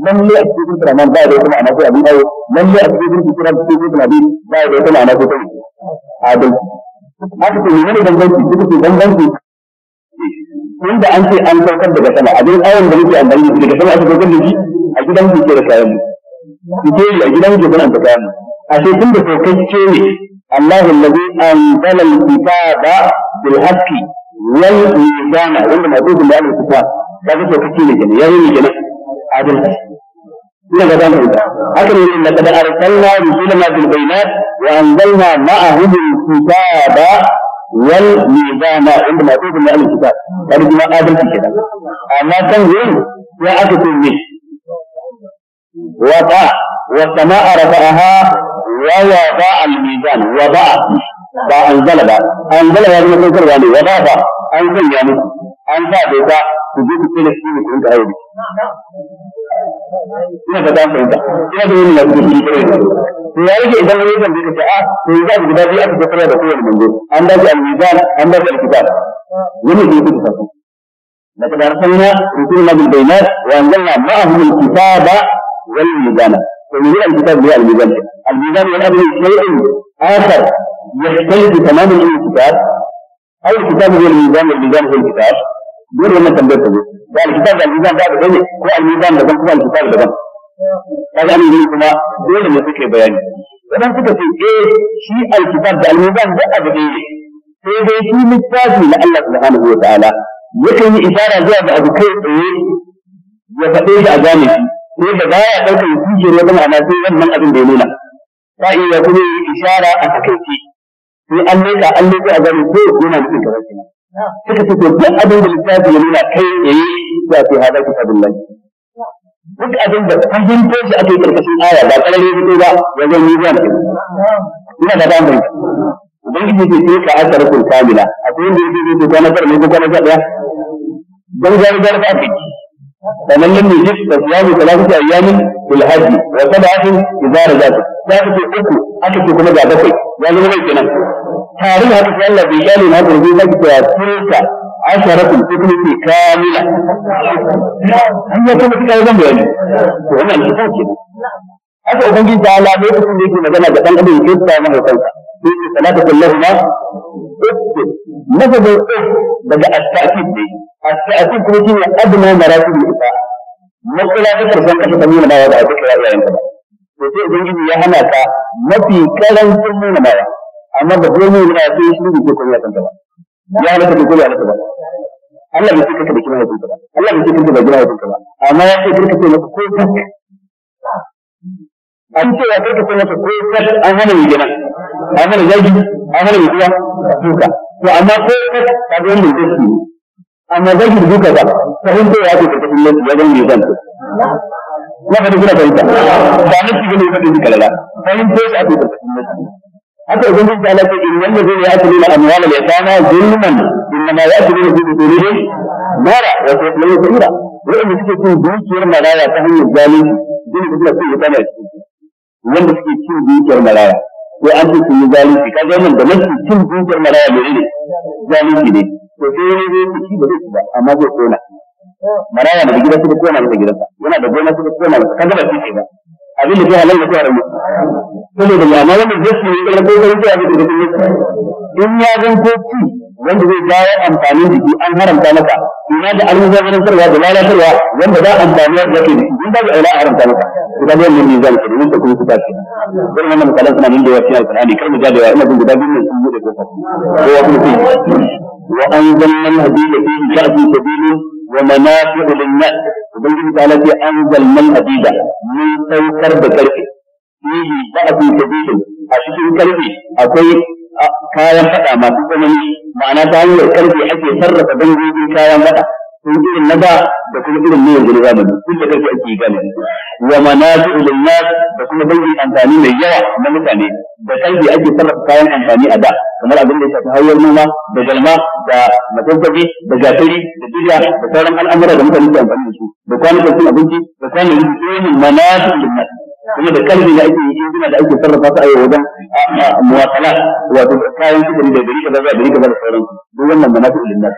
Speaker 2: lalle a cikin turkul rahman ba da kuma ana ko abin Nan lalle a cikin turkul sura cikin turkul hadith ba da kuma ana ko abin haka ce menene ganganci suka ce ganganci inda an ce an saukar daga sama abin ayon da muke amfani da daga sama aka saukar da shi a gidan ku ke da kayan
Speaker 1: mu
Speaker 2: ku ke a gidan ku kuna da kayan mu a ce tun da saukacce ne Allahu allazi anzala al-kitaba bil haqqi wal mizana wanda ma dukkan da al-kitab kaga saukacce ne kenan yayi ne kenan adalci نجدان أكرم لقد أرسلنا رسلنا بالبينات وأنزلنا معهم الكتاب والميزان عند ما تقول من الكتاب
Speaker 3: هذا يعني ما آدم في كده
Speaker 2: أما تنزل
Speaker 3: وأكتب به وضع والسماء رفعها ووضع
Speaker 2: الميزان وضع ba an zala ba an zala ya zama kankar wani wada ba an sanya
Speaker 4: musu an sa doka su
Speaker 1: ina da zamu fahimta ina da wani lafiya shi kare to ya rike idan wani zan bika ta'a to
Speaker 2: ya zabi guda biyu aka tattara da kowane manzo an ba shi al-mizan an ba shi al-kitab
Speaker 1: wannan
Speaker 2: ne kuka sako لقد أرسلنا رسولنا بالبينات وأنزلنا معهم الكتاب والميزان فمن الكتاب هو الميزان الميزان ينأمر شيء آخر يختلف تماما عن الكتاب أو الكتاب هو الميزان والميزان هو الكتاب dole wannan tambayar ta zo da alkitab da almizan da daban ko almizan daban kuma alkitab daban kaga ne ne kuma dole ne suke bayani idan suka ce eh shi alkitab da almizan da abu ne sai dai shi littafi na Allah subhanahu wa ta'ala yakan yi isara zuwa ga abu kai tsaye ya faɗe shi a gane shi sai da baya ɗaukar jijiyar wata ma'ana sai wannan abin da ya nuna ta iya kuma yi isara a takaici sai an leka an leka a gane ko yana nufin kamar kenan suka ce to duk abin da littafi ya nuna kai ya yi ya fi hada ki sabin nan duk abin da fahimtar shi ake karkashin aya ba karare fito ba wajen yi zan ina da damar ubangiji ce sai ka asar kun kamila akwai wanda yake zai kwana tara ne ko kwana sha daya dan gari gari ta ake sannan nan ne jik da siyamu talatu ayyamin bil hajji wa sab'atin idza rajat ta ce uku aka ce kuma ga bakwai
Speaker 4: ya zama bai kenan tare da haka sai Allah bai yale na gobe ba ki ta
Speaker 3: tilka asharatun ibnati kamila an ya kuma kika zan bayani to
Speaker 2: wannan shi kake aka ubangiji ta ne kuma yake magana ga dan adam yake ta mana kanka yake salatu kullahu ma nafadu daga at-ta'kid
Speaker 3: ne at-ta'kid kuma shi ne adna maratib al-ifa matsala ya hana ka mafi karancin nuna
Speaker 2: amma ba dole ne a sai shi ne ko kuma kanta ba ya halatta da gola ba Allah bai saka da kima yakin ba Allah bai saka da ya yakin ba amma ya ce kirka ce maka ko ka
Speaker 3: an ce ya kirka ce maka ko ka an hana yi gina
Speaker 4: an
Speaker 3: hana zagi an hana yi kuwa duka to amma ko ka ka ga wannan dake
Speaker 1: amma zagi duka ba sabon ya ce
Speaker 2: ka tafi ya ga mai zan
Speaker 1: na fata kuna fahimta ba na shi gane ya fata shi kalala
Speaker 2: bayan ko ake ta nan
Speaker 1: haka idan kun tsala ta irin wanda zai ya kula da amwal da kana zulman inna ma ya kula da
Speaker 2: dole bara wa ta kula da ira wanda suke cin dukiyar maraya ta hanyar zalunci din da suke yi kana wanda
Speaker 4: suke cin
Speaker 1: dukiyar
Speaker 2: maraya ko an ce sun yi zalunci ka ga da nan cin dukiyar maraya da ne zalunci ne
Speaker 4: to sai ne zai ci
Speaker 2: da su ba amma zai kona
Speaker 1: maraya da gidan
Speaker 2: su da kona masa gidansa yana da gona su da kona masa
Speaker 3: kaga ba shi ke ba abin da ke halal da ko haramu saboda ya ma wannan zai yi ƙarfi ko zai yi da kuma in ya zan ko ci wanda zai bayar amfanin jiki an haramta maka
Speaker 1: ina da almubazzarantarwa da lalatarwa wanda za a amfani da yake ne in ba ga aula a haramta maka ku ga wannan
Speaker 2: ne zan kare wanda kuma ku tafi
Speaker 1: Wani wannan misalan suna nan da yawa cikin
Speaker 2: alqur'ani kar mu yawa ina bin guda biyu ne sun bude kofa ko wa kuma wa anzalna al-hadida fi
Speaker 3: sha'bi sabilin wa manafi'u lin-nas ubangiji ta lafi anzalna al-hadida
Speaker 1: mun saukar da karfi fihi ba'dun kabirun
Speaker 3: a cikin karfe
Speaker 1: akwai
Speaker 2: kayan fada masu tsanani ma'ana ta hanyar karfe ake sarrafa dangogin kayan fada sun irin na ba da kuma irin na yanzu na zamani duk da kake ake gane wa manafi'u lin-nas da kuma dangin amfani mai yawa na mutane da kalbi ake sarrafa kayan amfani a da kamar abin da ya shafi hauyar noma da galma da matsatsabi da gatari
Speaker 3: da dija da sauran al'amura da mutane ke amfani da su da kwanukan cin abinci da kwanukan cin manafi'u lin-nas kuma da kalbi da ake yi injina da ake sarrafa su a yau wajen muwasala
Speaker 2: wato kayan sufuri da gari kaza zuwa gari kaza da sauran duk wannan manafi'ul linnas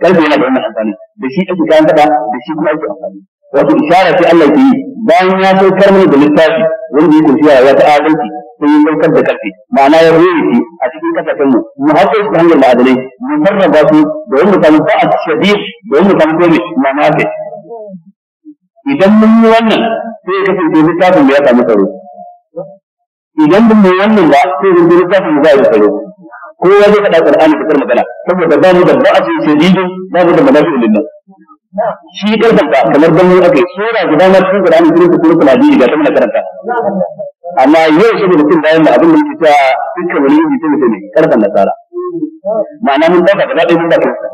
Speaker 2: kalbi yana da wannan amfani da shi ake kayan kada da shi kuma ake amfani wato ishara ce Allah ke yi bayan ya saukar mana da littafi wanda ya kunshi ya ta adalci sun yi saukar da karfi ma'ana ya ruwa shi a cikin kasashen mu mu haɗa su hanyar ma'adanai mu sarrafa su da wani mutane ba a shadid da wani mutane ko mai ma'ana idan mun yi wannan sai ya kasance littafin da ya samu tsaro idan mun yi wannan ba sai mun yi littafin da ya samu tsaro ya zai kada Qur'ani fitar magana saboda ba mu da ba a ce shedidi ba mu da manafi'ul lillah shi karfan ka kamar dan mu ake sura guda na cikin Qur'ani cikin su kuma da ga ta muna karanta amma yau saboda cin bayan da abin da yake ta dukkan wani yin mutum ne karfan nasara ma'ana mun da ba ɗaya mun da karanta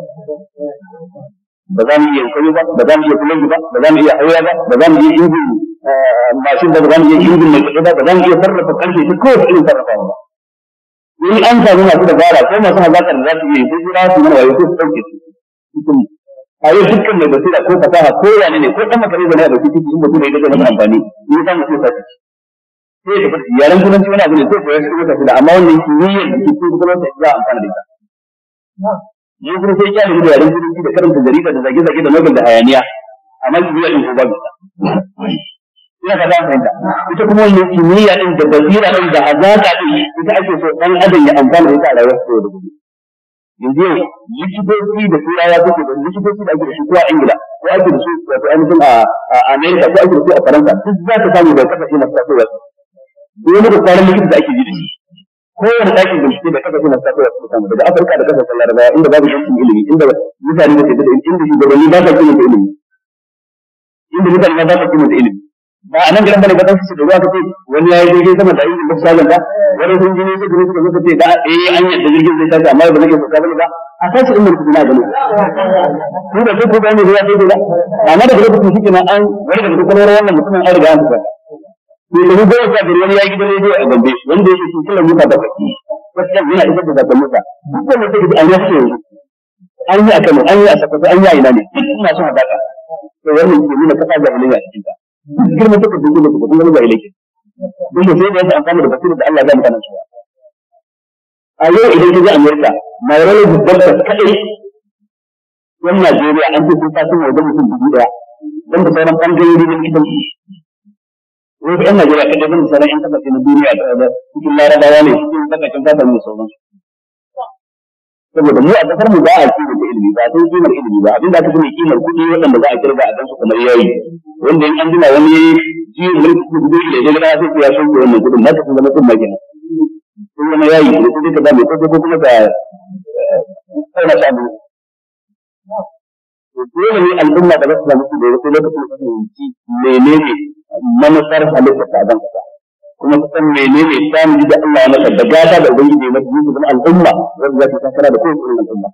Speaker 2: ba za mu iya kokari ba ba za mu iya kulangu ba ba za mu iya aure ba ba za mu iya injin
Speaker 4: eh,
Speaker 1: mashin ba ba za mu iya injin
Speaker 2: mai kuɗi ba ba za mu iya sarrafa ƙarfe ta kowace irin sarrafa ba in an samu masu dabara ko masu hazaƙar da za su iya yi ko kuma su mana wayo ko su ɗauke su cikin a yau dukkan mai basira ko fasaha ko wane ne ko ɗan makarai yi ne ɗauki ciki in mutum ya daga amfani in ya samu sai sa ciki sai ya tafi yaren kudanci wani abu ne sai da amma wannan kimiyyar da ke cikin kudanci za a amfana da ita ni kuma sai ya da yaren gudu da karanta jarida da zage-zage da nobel da hayaniya amma ki biya in ba
Speaker 4: ina ka zan fahimta ita kuma
Speaker 2: wannan kimiyya din da basira din da hazaka din ita ake so dan adam ya amfana da ita a rayuwar sa da gobe yanzu yau likitoci da turawa suke da likitoci da ake da shi ko a ingila ko ake da shi wato ainihin a amerika ko ake da shi a faransa duk za ka samu da kasashe masu tasowa dole da tsarin likita da ake kowane ɗakin bincike da kafa suna sa kowa daga afirka da kasar sallar baya inda babu shakkin ilimi inda mutane ba su da inda shugabanni ba sa kimanta ilimi inda mutane ba sa kimanta ilimi ba a nan gidan bane ba su da ruwa ce wani yi daidai sama da ba shagan ba wani sun gini su gini suka kace da eh an yadda jirgin zai tashi amma ba nake fuka bane ba a tashi na gani
Speaker 4: ko
Speaker 2: da ko ruwa daidai ba amma kuma shi kenan an wani wannan mutumin an riga an bai tafi goma sha biyar wani ya gidan rediyo a gombe wanda yake cikin kiran mota da baki wasu kan yana isar da zakon mota duk wanda take da ainihin su an yi a kano an yi a sakwato an yi a ina ne duk masu haɗaka to wannan ke nuna kasa jahilai a cikin ta duk girma take da girma kuma kuma jahilai ke duk da sai da an amfani da basirar da Allah ya mutane su a yau idan ka je Amerika mai ranar dubban ta kadai
Speaker 4: yan Najeriya an ce sun tashi wajen mutum dubu ɗaya, don da sauran ɓangarori na kitan wai fa yan Najeriya kan zan misalan yan kasashe na duniya da cikin larabawa ne
Speaker 1: cikin
Speaker 2: kasashen kafin ne sauransu saboda mu a kasar mu ba a kira da ilimi ba sai kimar ilimi ba abinda aka sani kimar kuɗi waɗanda za a kirga a kansu kamar yayi wanda in an jima wani ji mulki kuɗi da ya ga sai ya sauke wannan kuɗin na kasan zama kuma kenan sun zama yayi da kuɗi ka ba mai ko kuma ka kaina shi abu dole ne al'umma da za su samu su da wasu lokacin su menene manufar halitta ta dan kasa kuma ka san menene samun da Allah ya masa da gata da ubangiji ya masa yusuf da al'umma wanda za ta takara da kowace irin al'umma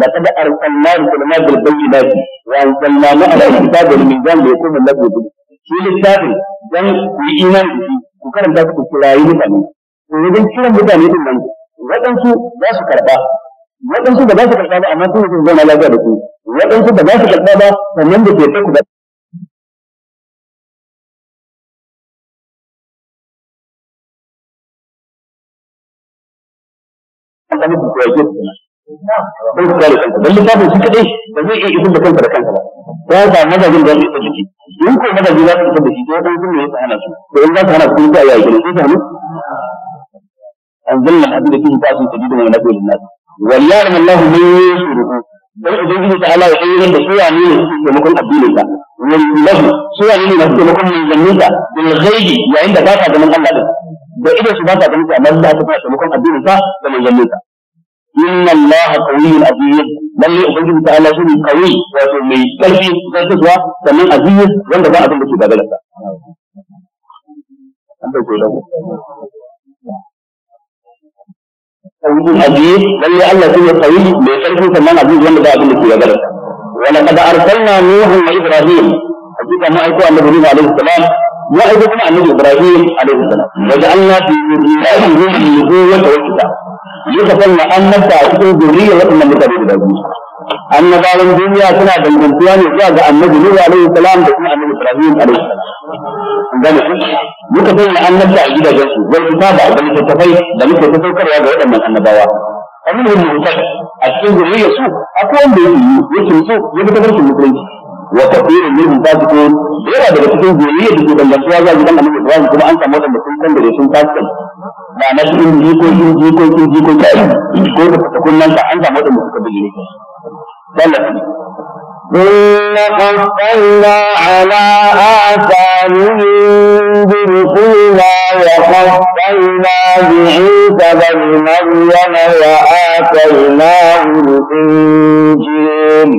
Speaker 2: لقد أرسلنا رسلنا بالبينات وأنزلنا معنا الكتاب والميزان ليقوم الناس بالقسط shi littafin don ku yi iman da shi ku karanta ku kirayi mutane to wajen kiran mutane din nan waɗansu za su karɓa waɗansu ba za su karɓa ba amma sun yi zauna lafiya da su waɗansu ba za su karɓa ba sannan da ke ku ba
Speaker 4: kana ku koyi ke kuma ku kare kanka dan littafin
Speaker 2: shi kadai ba zai iya isar da kanka da kanka ba da zai ciki in ko to ne ya hana su to in za hana su ya wal ya'lamu man dan ubangiji ta ala ya yi su ya ne mukun su ya ne mukun bil ghaibi yayin da Allah din da idan su ba ta ganin amma Allah ta fara taimakon addinin sa da manzannin sa inna Allah qawiyyun aziz lalle ubangiji ta Allah shine qawi wato mai karfi da tsuwa sannan aziz wanda ba abin da ke gagalar sa
Speaker 3: Qawiyyun aziz lalle Allah shine qawi mai karfi sannan aziz wanda ba abin da ke gagalar sa ولقد أرسلنا نوحا وإبراهيم حقيقة ما أيقوا أن إبراهيم
Speaker 2: عليه السلام ya aiko kuma annabi ibrahim alaihi salam wa ja'alna fi dhurriyyatihi nubuwwatan wa kitaba duka sanna annabta a cikin zuriya waɗannan da guda biyu annabawan duniya suna dangantuwa ne zuwa ga annabi nuhu alaihi salam da kuma annabi ibrahim alaihi salam gane duka sanna annabta a gidajen su wal kitaba da littattafai da muke ta ga waɗannan annabawa kamar yin mutum a cikin zuriyar su akwai wanda yake yi yake so ya bi ta barkin musulunci wa kafirin minhum fasiqun yana daga cikin zuriyar da ke dangantuwa zuwa gidan Annabi Ibrahim kuma an samu wadanda sun san da sun fasikan ba na cikin jikokin jikokin jikokin ko da fatakunan ka an samu wadanda suka bijire
Speaker 3: sallallahu ثم قفلنا على آثارهم برسلنا وقفلنا بعيسى بن مريم وآتيناه الإنجيل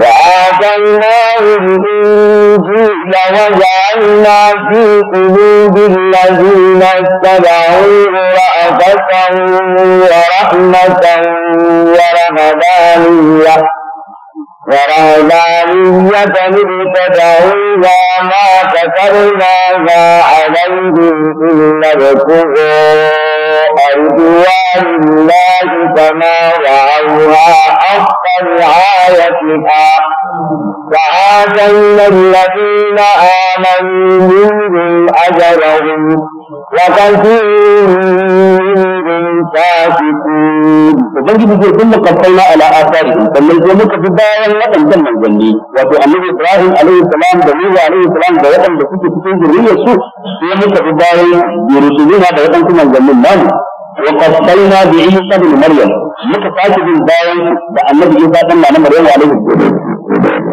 Speaker 3: وآتيناهم الإنجيل وجعلنا في قلوب الذين اتبعوه رأفة ورحمة ورهبانية ورهبانية ابتدعوها ما كتبناها عليهم إلا ابتغاء عدوان الله فما رعوها حق رعايتها وآتينا الذين آمنوا منهم أجرهم وكثير منهم فاسقون ubangiji zai kuma kafaina ala asari
Speaker 2: sannan sai muka bi bayan waɗancan manzanni wato annabi ibrahim alaihi salam da nuhu alaihi salam da waɗanda suke cikin zuriyar su sai muka bi bayan yerusalima da waɗansu manzannin namu wa qaffayna bi isa bin maryam muka sake bin bayan da annabi isa dan na maryam alaihi salam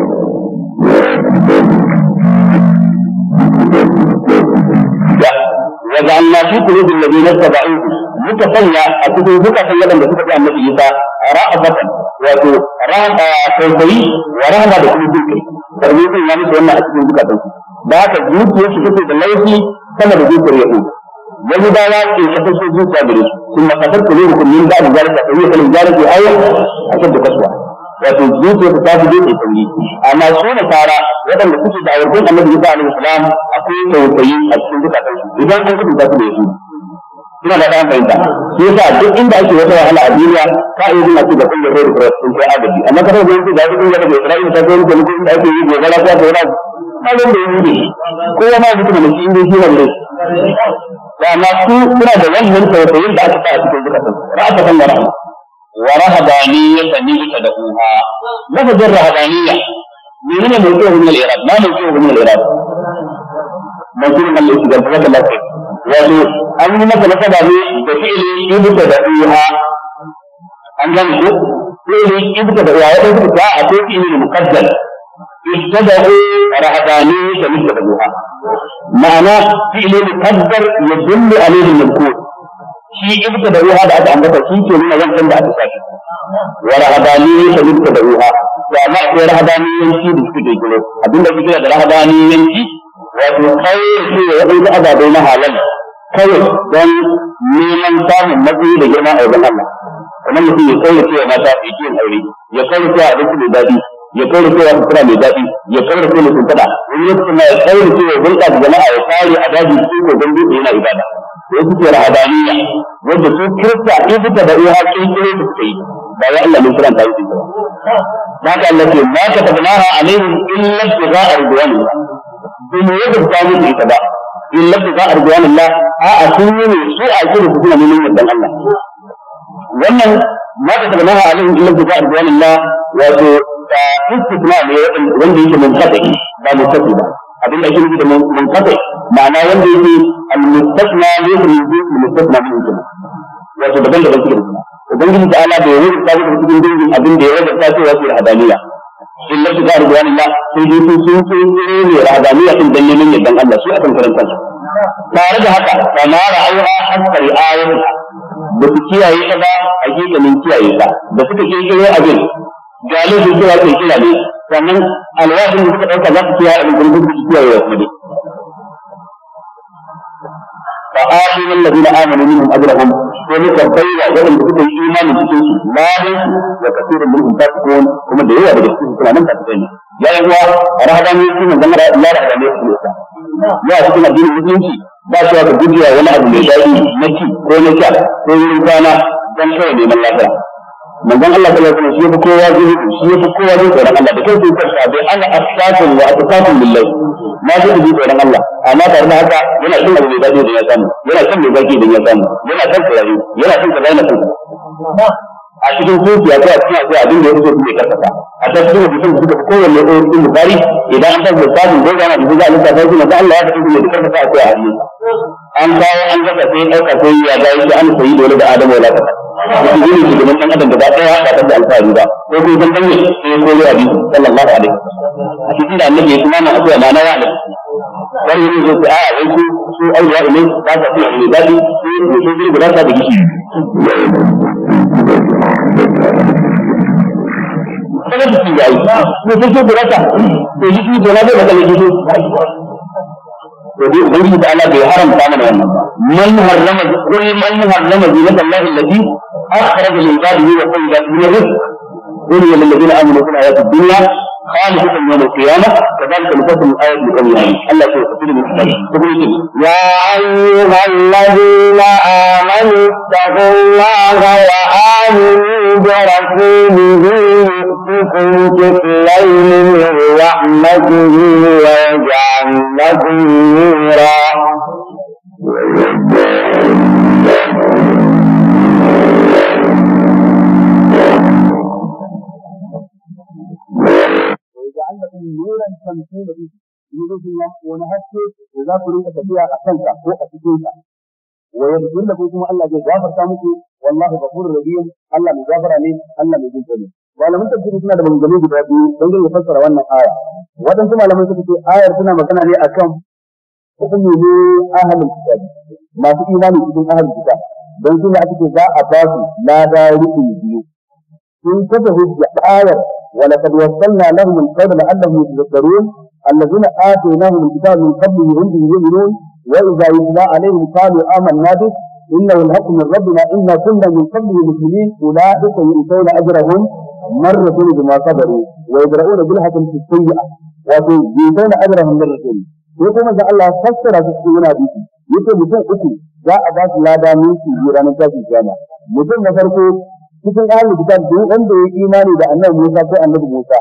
Speaker 2: وجعلنا في قلوب الذين اتبعوه متسنى أكتب بكة يدا بكتب عن النبي إيسى رأفة wato tausayi wa rahama da kuma jin kai tarbiyyin ya musu wannan a cikin zukatan da haka zuciyar su take da laifi sama da zuciyar yahu wani ba ya ke kasar su zuciya gare su sun ka ku ne hukumin da da zalika fa yi kalin zalika a kan wato zuciya ta tafi dole tsauri amma so na fara waɗanda suke da aurkun annabi Isa alaihi salam akwai tausayi a cikin duka su idan an kudu ta su da yasu ina da ɗan fahimta shi yasa duk inda ake wata wahala a duniya ka iya zuwa ce da kungiyar da Cross sun kai agaji amma kasar da yanzu da wata kungiyar da Isra'ila ta kai mutane inda ake yi gobara ko wani abu malin da yi ne kowa ma mutum da shi inda shi ne da amma su suna da wannan tausayin da aka sa a cikin zukatan su ra'asa kan wani wa rahabaniyatan ni ita da uha lafazin rahabaniya menene mawdu'u min al-irab ma mawdu'u min al-irab mawdu'u min al-istidlal fa kalla wato an yi maka nasaba ne
Speaker 3: da fi'ili ibta da uha an gane ko fi'ili ibta da uha ya dauka a ko fi'ili muqaddal ابتدأوا رهبانية مثل
Speaker 2: أبوها معناه فعل مقدر يدل عليه المذكور shi ibta da ruha da aka ambata shi ke nuna wancan da aka sake
Speaker 4: wa rahadaniyin da ibta da ruha
Speaker 2: da ma ko rahadaniyanci da suke gilo abinda suke da rahadaniyanci wato kawai su ya da ababai na halal kawai don neman samun matsayi da girma a wajen Allah kamar mutum ya kawai ya mata ya aure ya kawai cewa abinci mai daɗi ya kawai cewa sutura mai daɗi ya kawai cewa sun faɗa wani lokacin ma ya kawai da jama'a ya kare a daji su ko don dutse yana ibada da ita ce wanda su kirista in suka da iya haƙƙin kire su suka ba ya Allah mun ta yi
Speaker 4: ba ka Allah ce ma ka tabbana ha alaihim illa tiga arduwan
Speaker 3: bin yadda ta mu ita ba illa tiga arduwan Allah a a sun yi ne su a kire su suna
Speaker 2: neman yardan Allah wannan ma ka tabbana ha alaihim illa tiga arduwan Allah wato ta istisna ne wanda yake mun kafa ba mun kafa ba abin da ake nufi da mun kafa ma'ana wanda yake al-mustasna yuhri bi al-mustasna min kuma wato daban daban cikin ubangiji ta ala da yawo ta ga cikin dangin abin da ya rage ta cewa su hadaniya in lafi ga rubuwan Allah sai dai sun sun sun ne hadaniya din dan neman yardan Allah su kan karanta tare da haka kama ra'ayuha hakkar ayatuha ba su kiyaye ta ba a gefen kiyaye ta da suka kirkiro abin
Speaker 3: galibin cewa kirkira
Speaker 2: ne sannan alwahin da suka ɗauka za su kiyaye abin da suka kiyaye wa kuma dai fa akhir alladhina amanu minhum ajrahum sai muka bayyana waɗanda suka
Speaker 3: yi imani cikin su ladan su
Speaker 2: da kasirin minhum fasiqun kuma da yawa daga cikin suna nan fasiqai ne ya yi wa rahadani su ne zama su ya ba su wata gujewa wani abu mai daɗi na ci ko na sha ko wurin kwana don kawai neman lafiya manzon Allah sallallahu alaihi wasallam shi yafi kowa shi yafi kowa zai tsoron Allah da bai ana asqatun wa asqatun billahi ma zai tsoron Allah amma tare da haka yana son abu mai dadi da ya samu yana son mai zaki da ya samu yana son tsari yana son ka daina son a cikin a ko a cikin zuciya abin da ya fito ne karkata a cikin mutum da suka fi kowanne ɗaya cikin bukari idan an tabbata tsarin da yana da zuwa lissafa shi masu Allah ya tafi kuma ya karkata a kai a hannunsa an kawo an gasa sai ɗauka sai ya ga yake an sayi dole da Adamu ya lakata shi ne shugaban ɗan adam gaba ɗaya ba da alfahari ba ko ko zan ɗanye sallallahu alaihi
Speaker 4: a cikin da annabi ya kuma na abuwa na da wani zai a a su
Speaker 2: ilai ba sa fi mai daɗi su yi su zirga sa
Speaker 4: da gishi
Speaker 3: kada su yayi ne da na zai ودي أبنجي تعالى بيحرم تعالى بيحرم من حرم قل من
Speaker 2: حرم زينة الله التي أخرج لعباده وطيبات من الرزق قل للذين آمنوا في الحياة الدنيا خالقة يوم القيامة كذلك نفصل الآية لقومهم الله
Speaker 3: سيقتل المسلمين يا أيها الذين آمنوا اتقوا الله وآمنوا برسوله يؤتكم كفلين من رحمته ويجعل لكم نورا
Speaker 1: wani
Speaker 2: haske da za ku rinka tafiya a kanka ko a cikin ka wa yaghfir lakum kuma Allah zai gafarta muku wallahi ghafurur rahim Allah mai gafara ne Allah mai jinkai ne malaman tafsiri suna da maganganu guda biyu don ganin fassara wannan aya waɗansu malaman suka ce ayar suna magana ne akan hukumi ne ahalin kitab masu imani cikin ahalin kitab don su ne aka za a ba su lada rukuni biyu sun kafa hujja ayar ولقد وصلنا لهم القول لعلهم يتذكرون الذين آتيناهم الكتاب من قبله هم به يؤمنون وإذا يتلى عليهم قالوا آمنا به إنه الحق من ربنا إنا كنا من قبله مسلمين أولئك يؤتون أجرهم مرتين بما صبروا ويدرؤون بالحسنة السيئة wato yusauna ajrahum min rahim sai kuma da Allah fassara su cikin yana biki yace mutum uku za a ba su lada min su ranar tashin kiyama mutum na farko cikin ahlul kitab duk wanda ya imani da annabi annabi Musa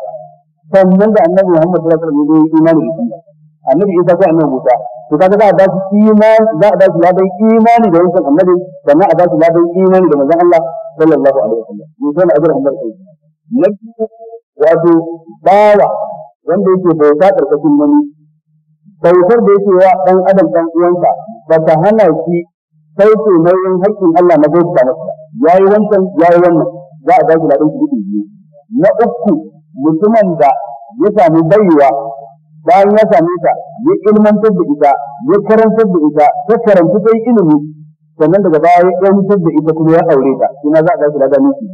Speaker 2: sannan da annabi Muhammad sallallahu alaihi wasallam ya imani da annabi Isa ko annabi Musa to kaga za a ba su imani za a ba su ladan imani da wancan annabi sannan a ba su ladan imani da manzon Allah sallallahu alaihi wasallam mun san ajr Muhammad sallallahu alaihi wasallam wato bawa wanda yake bauta karkashin wani bautar da yake wa dan adam dan uwansa ba ta hana shi sauke nauyin haƙƙin Allah na bauta masa yayi wancan yayi wannan za a ba su ladan kuɗi biyu na uku mutumin da ya sami baiwa bayan ya same ta ya ilmantar da ita ya karantar da ita ta karanta sai ilimi sannan daga baya ya yantar da ita kuma ya aure ta ina za a ga shi da ganin shi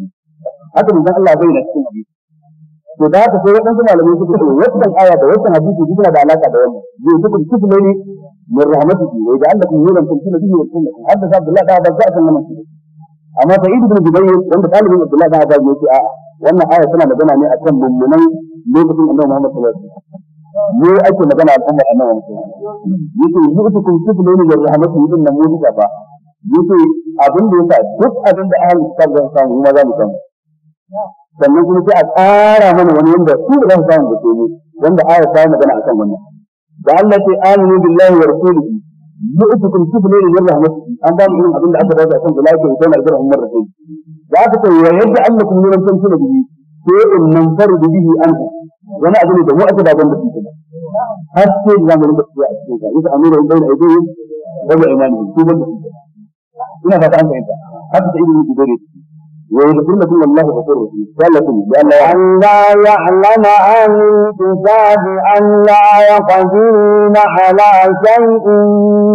Speaker 2: haka san Allah bai na cikin hadisi to da haka sai wadansu malamai suka ce wannan aya da wannan hadisi duk da alaka da wannan zai duk kitu ne min rahmatihi wa da Allah kun yuran kun tuna bihi wa kunna hadda Abdullah da ba za ta nan amma sai ibnu jubayr wanda talibin Abdullah da ba ya ce a'a wannan aya tana magana ne akan mummunai lokacin annabi Muhammad sallallahu alaihi wasallam ne ake magana akan annabi Muhammad yake yi uku kun su ne da rahmatu din nan mu duka ba yake abin da yasa duk abin da ahlul kitab zan samu ma za mu samu sannan kuma sai a tsara mana wani wanda su da zan samu da su wanda aya ta magana akan wannan da Allah ce aminu billahi wa rasulihi yu'tukum kiflayn min rahmatihi an ba mu irin abin da aka dace akan da lafiya da na ajrahum marratayn da aka ce wa yadda annakum yuran tantuna bihi ko in nan faru bihi anka wani abu ne da mu aka daban da shi har sai da zamu rinka tafiya a cikin ka yasa amira in bayyana aidai rabu imani ko ban da shi ina fata an fahimta haka sai ibnu jubair ويذكرنا كل الله غفور رحيم قال لكم بأن
Speaker 3: لا يعلم أهل الكتاب أن لا يقدرون على شيء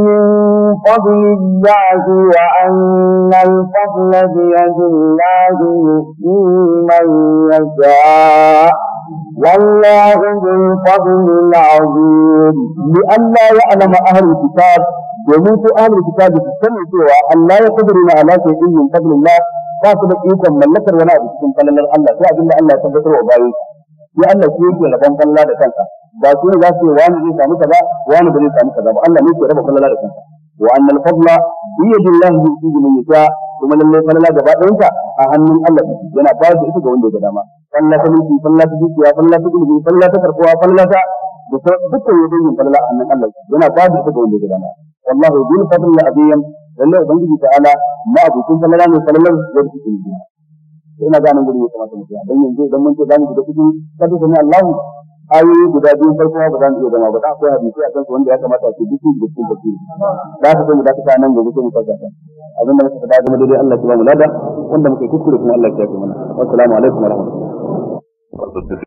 Speaker 3: من قبل البعث وأن الفضل بيد الله يؤتيه من يشاء والله ذو الفضل العظيم
Speaker 2: لا يعلم أهل الكتاب ومن أهل الكتاب تسمع سوى أن لا يقدرون على شيء من قبل الله ba su da ikon mallakar wani abu cikin falalar Allah sai abinda Allah ya tabbatar wa bayan shi Allah shi yake rabon kalla da kanka. ba su ne za su yi wani zai samu kaza wani ba zai samu kaza ba Allah ne ke raba falala da kanka. wa annal fadla bi yadillahi yusibu man yasha kuma lallai falala gaba ɗayanta a hannun Allah yana ba da ita ga wanda ya dama falala ta miki falala ta dukiya falala ta ilimi falala ta karkuwa falala ta da dukkan yadda yin falala a hannun Allah yana ba da ita ga wanda ya dama wallahu bil fadli azim lallai ubangiji ta ala ma abokin falala ne falalar da su ke yi ina ganin gudu ya kamata mutum dan yanzu idan mun ce zamu shiga cikin kada sami Allahu ayoyi guda biyu farko ba za mu iya zama ba da akwai hadisi a kansu wanda ya kamata a ce duk da cikin baki za ka mu da ka nan gobe sai mu farka ta abin da muka faɗa game daidai Allah ya ba mu lada wanda muke kuskure kuma Allah ya kiyaye mana assalamu alaikum
Speaker 4: warahmatullahi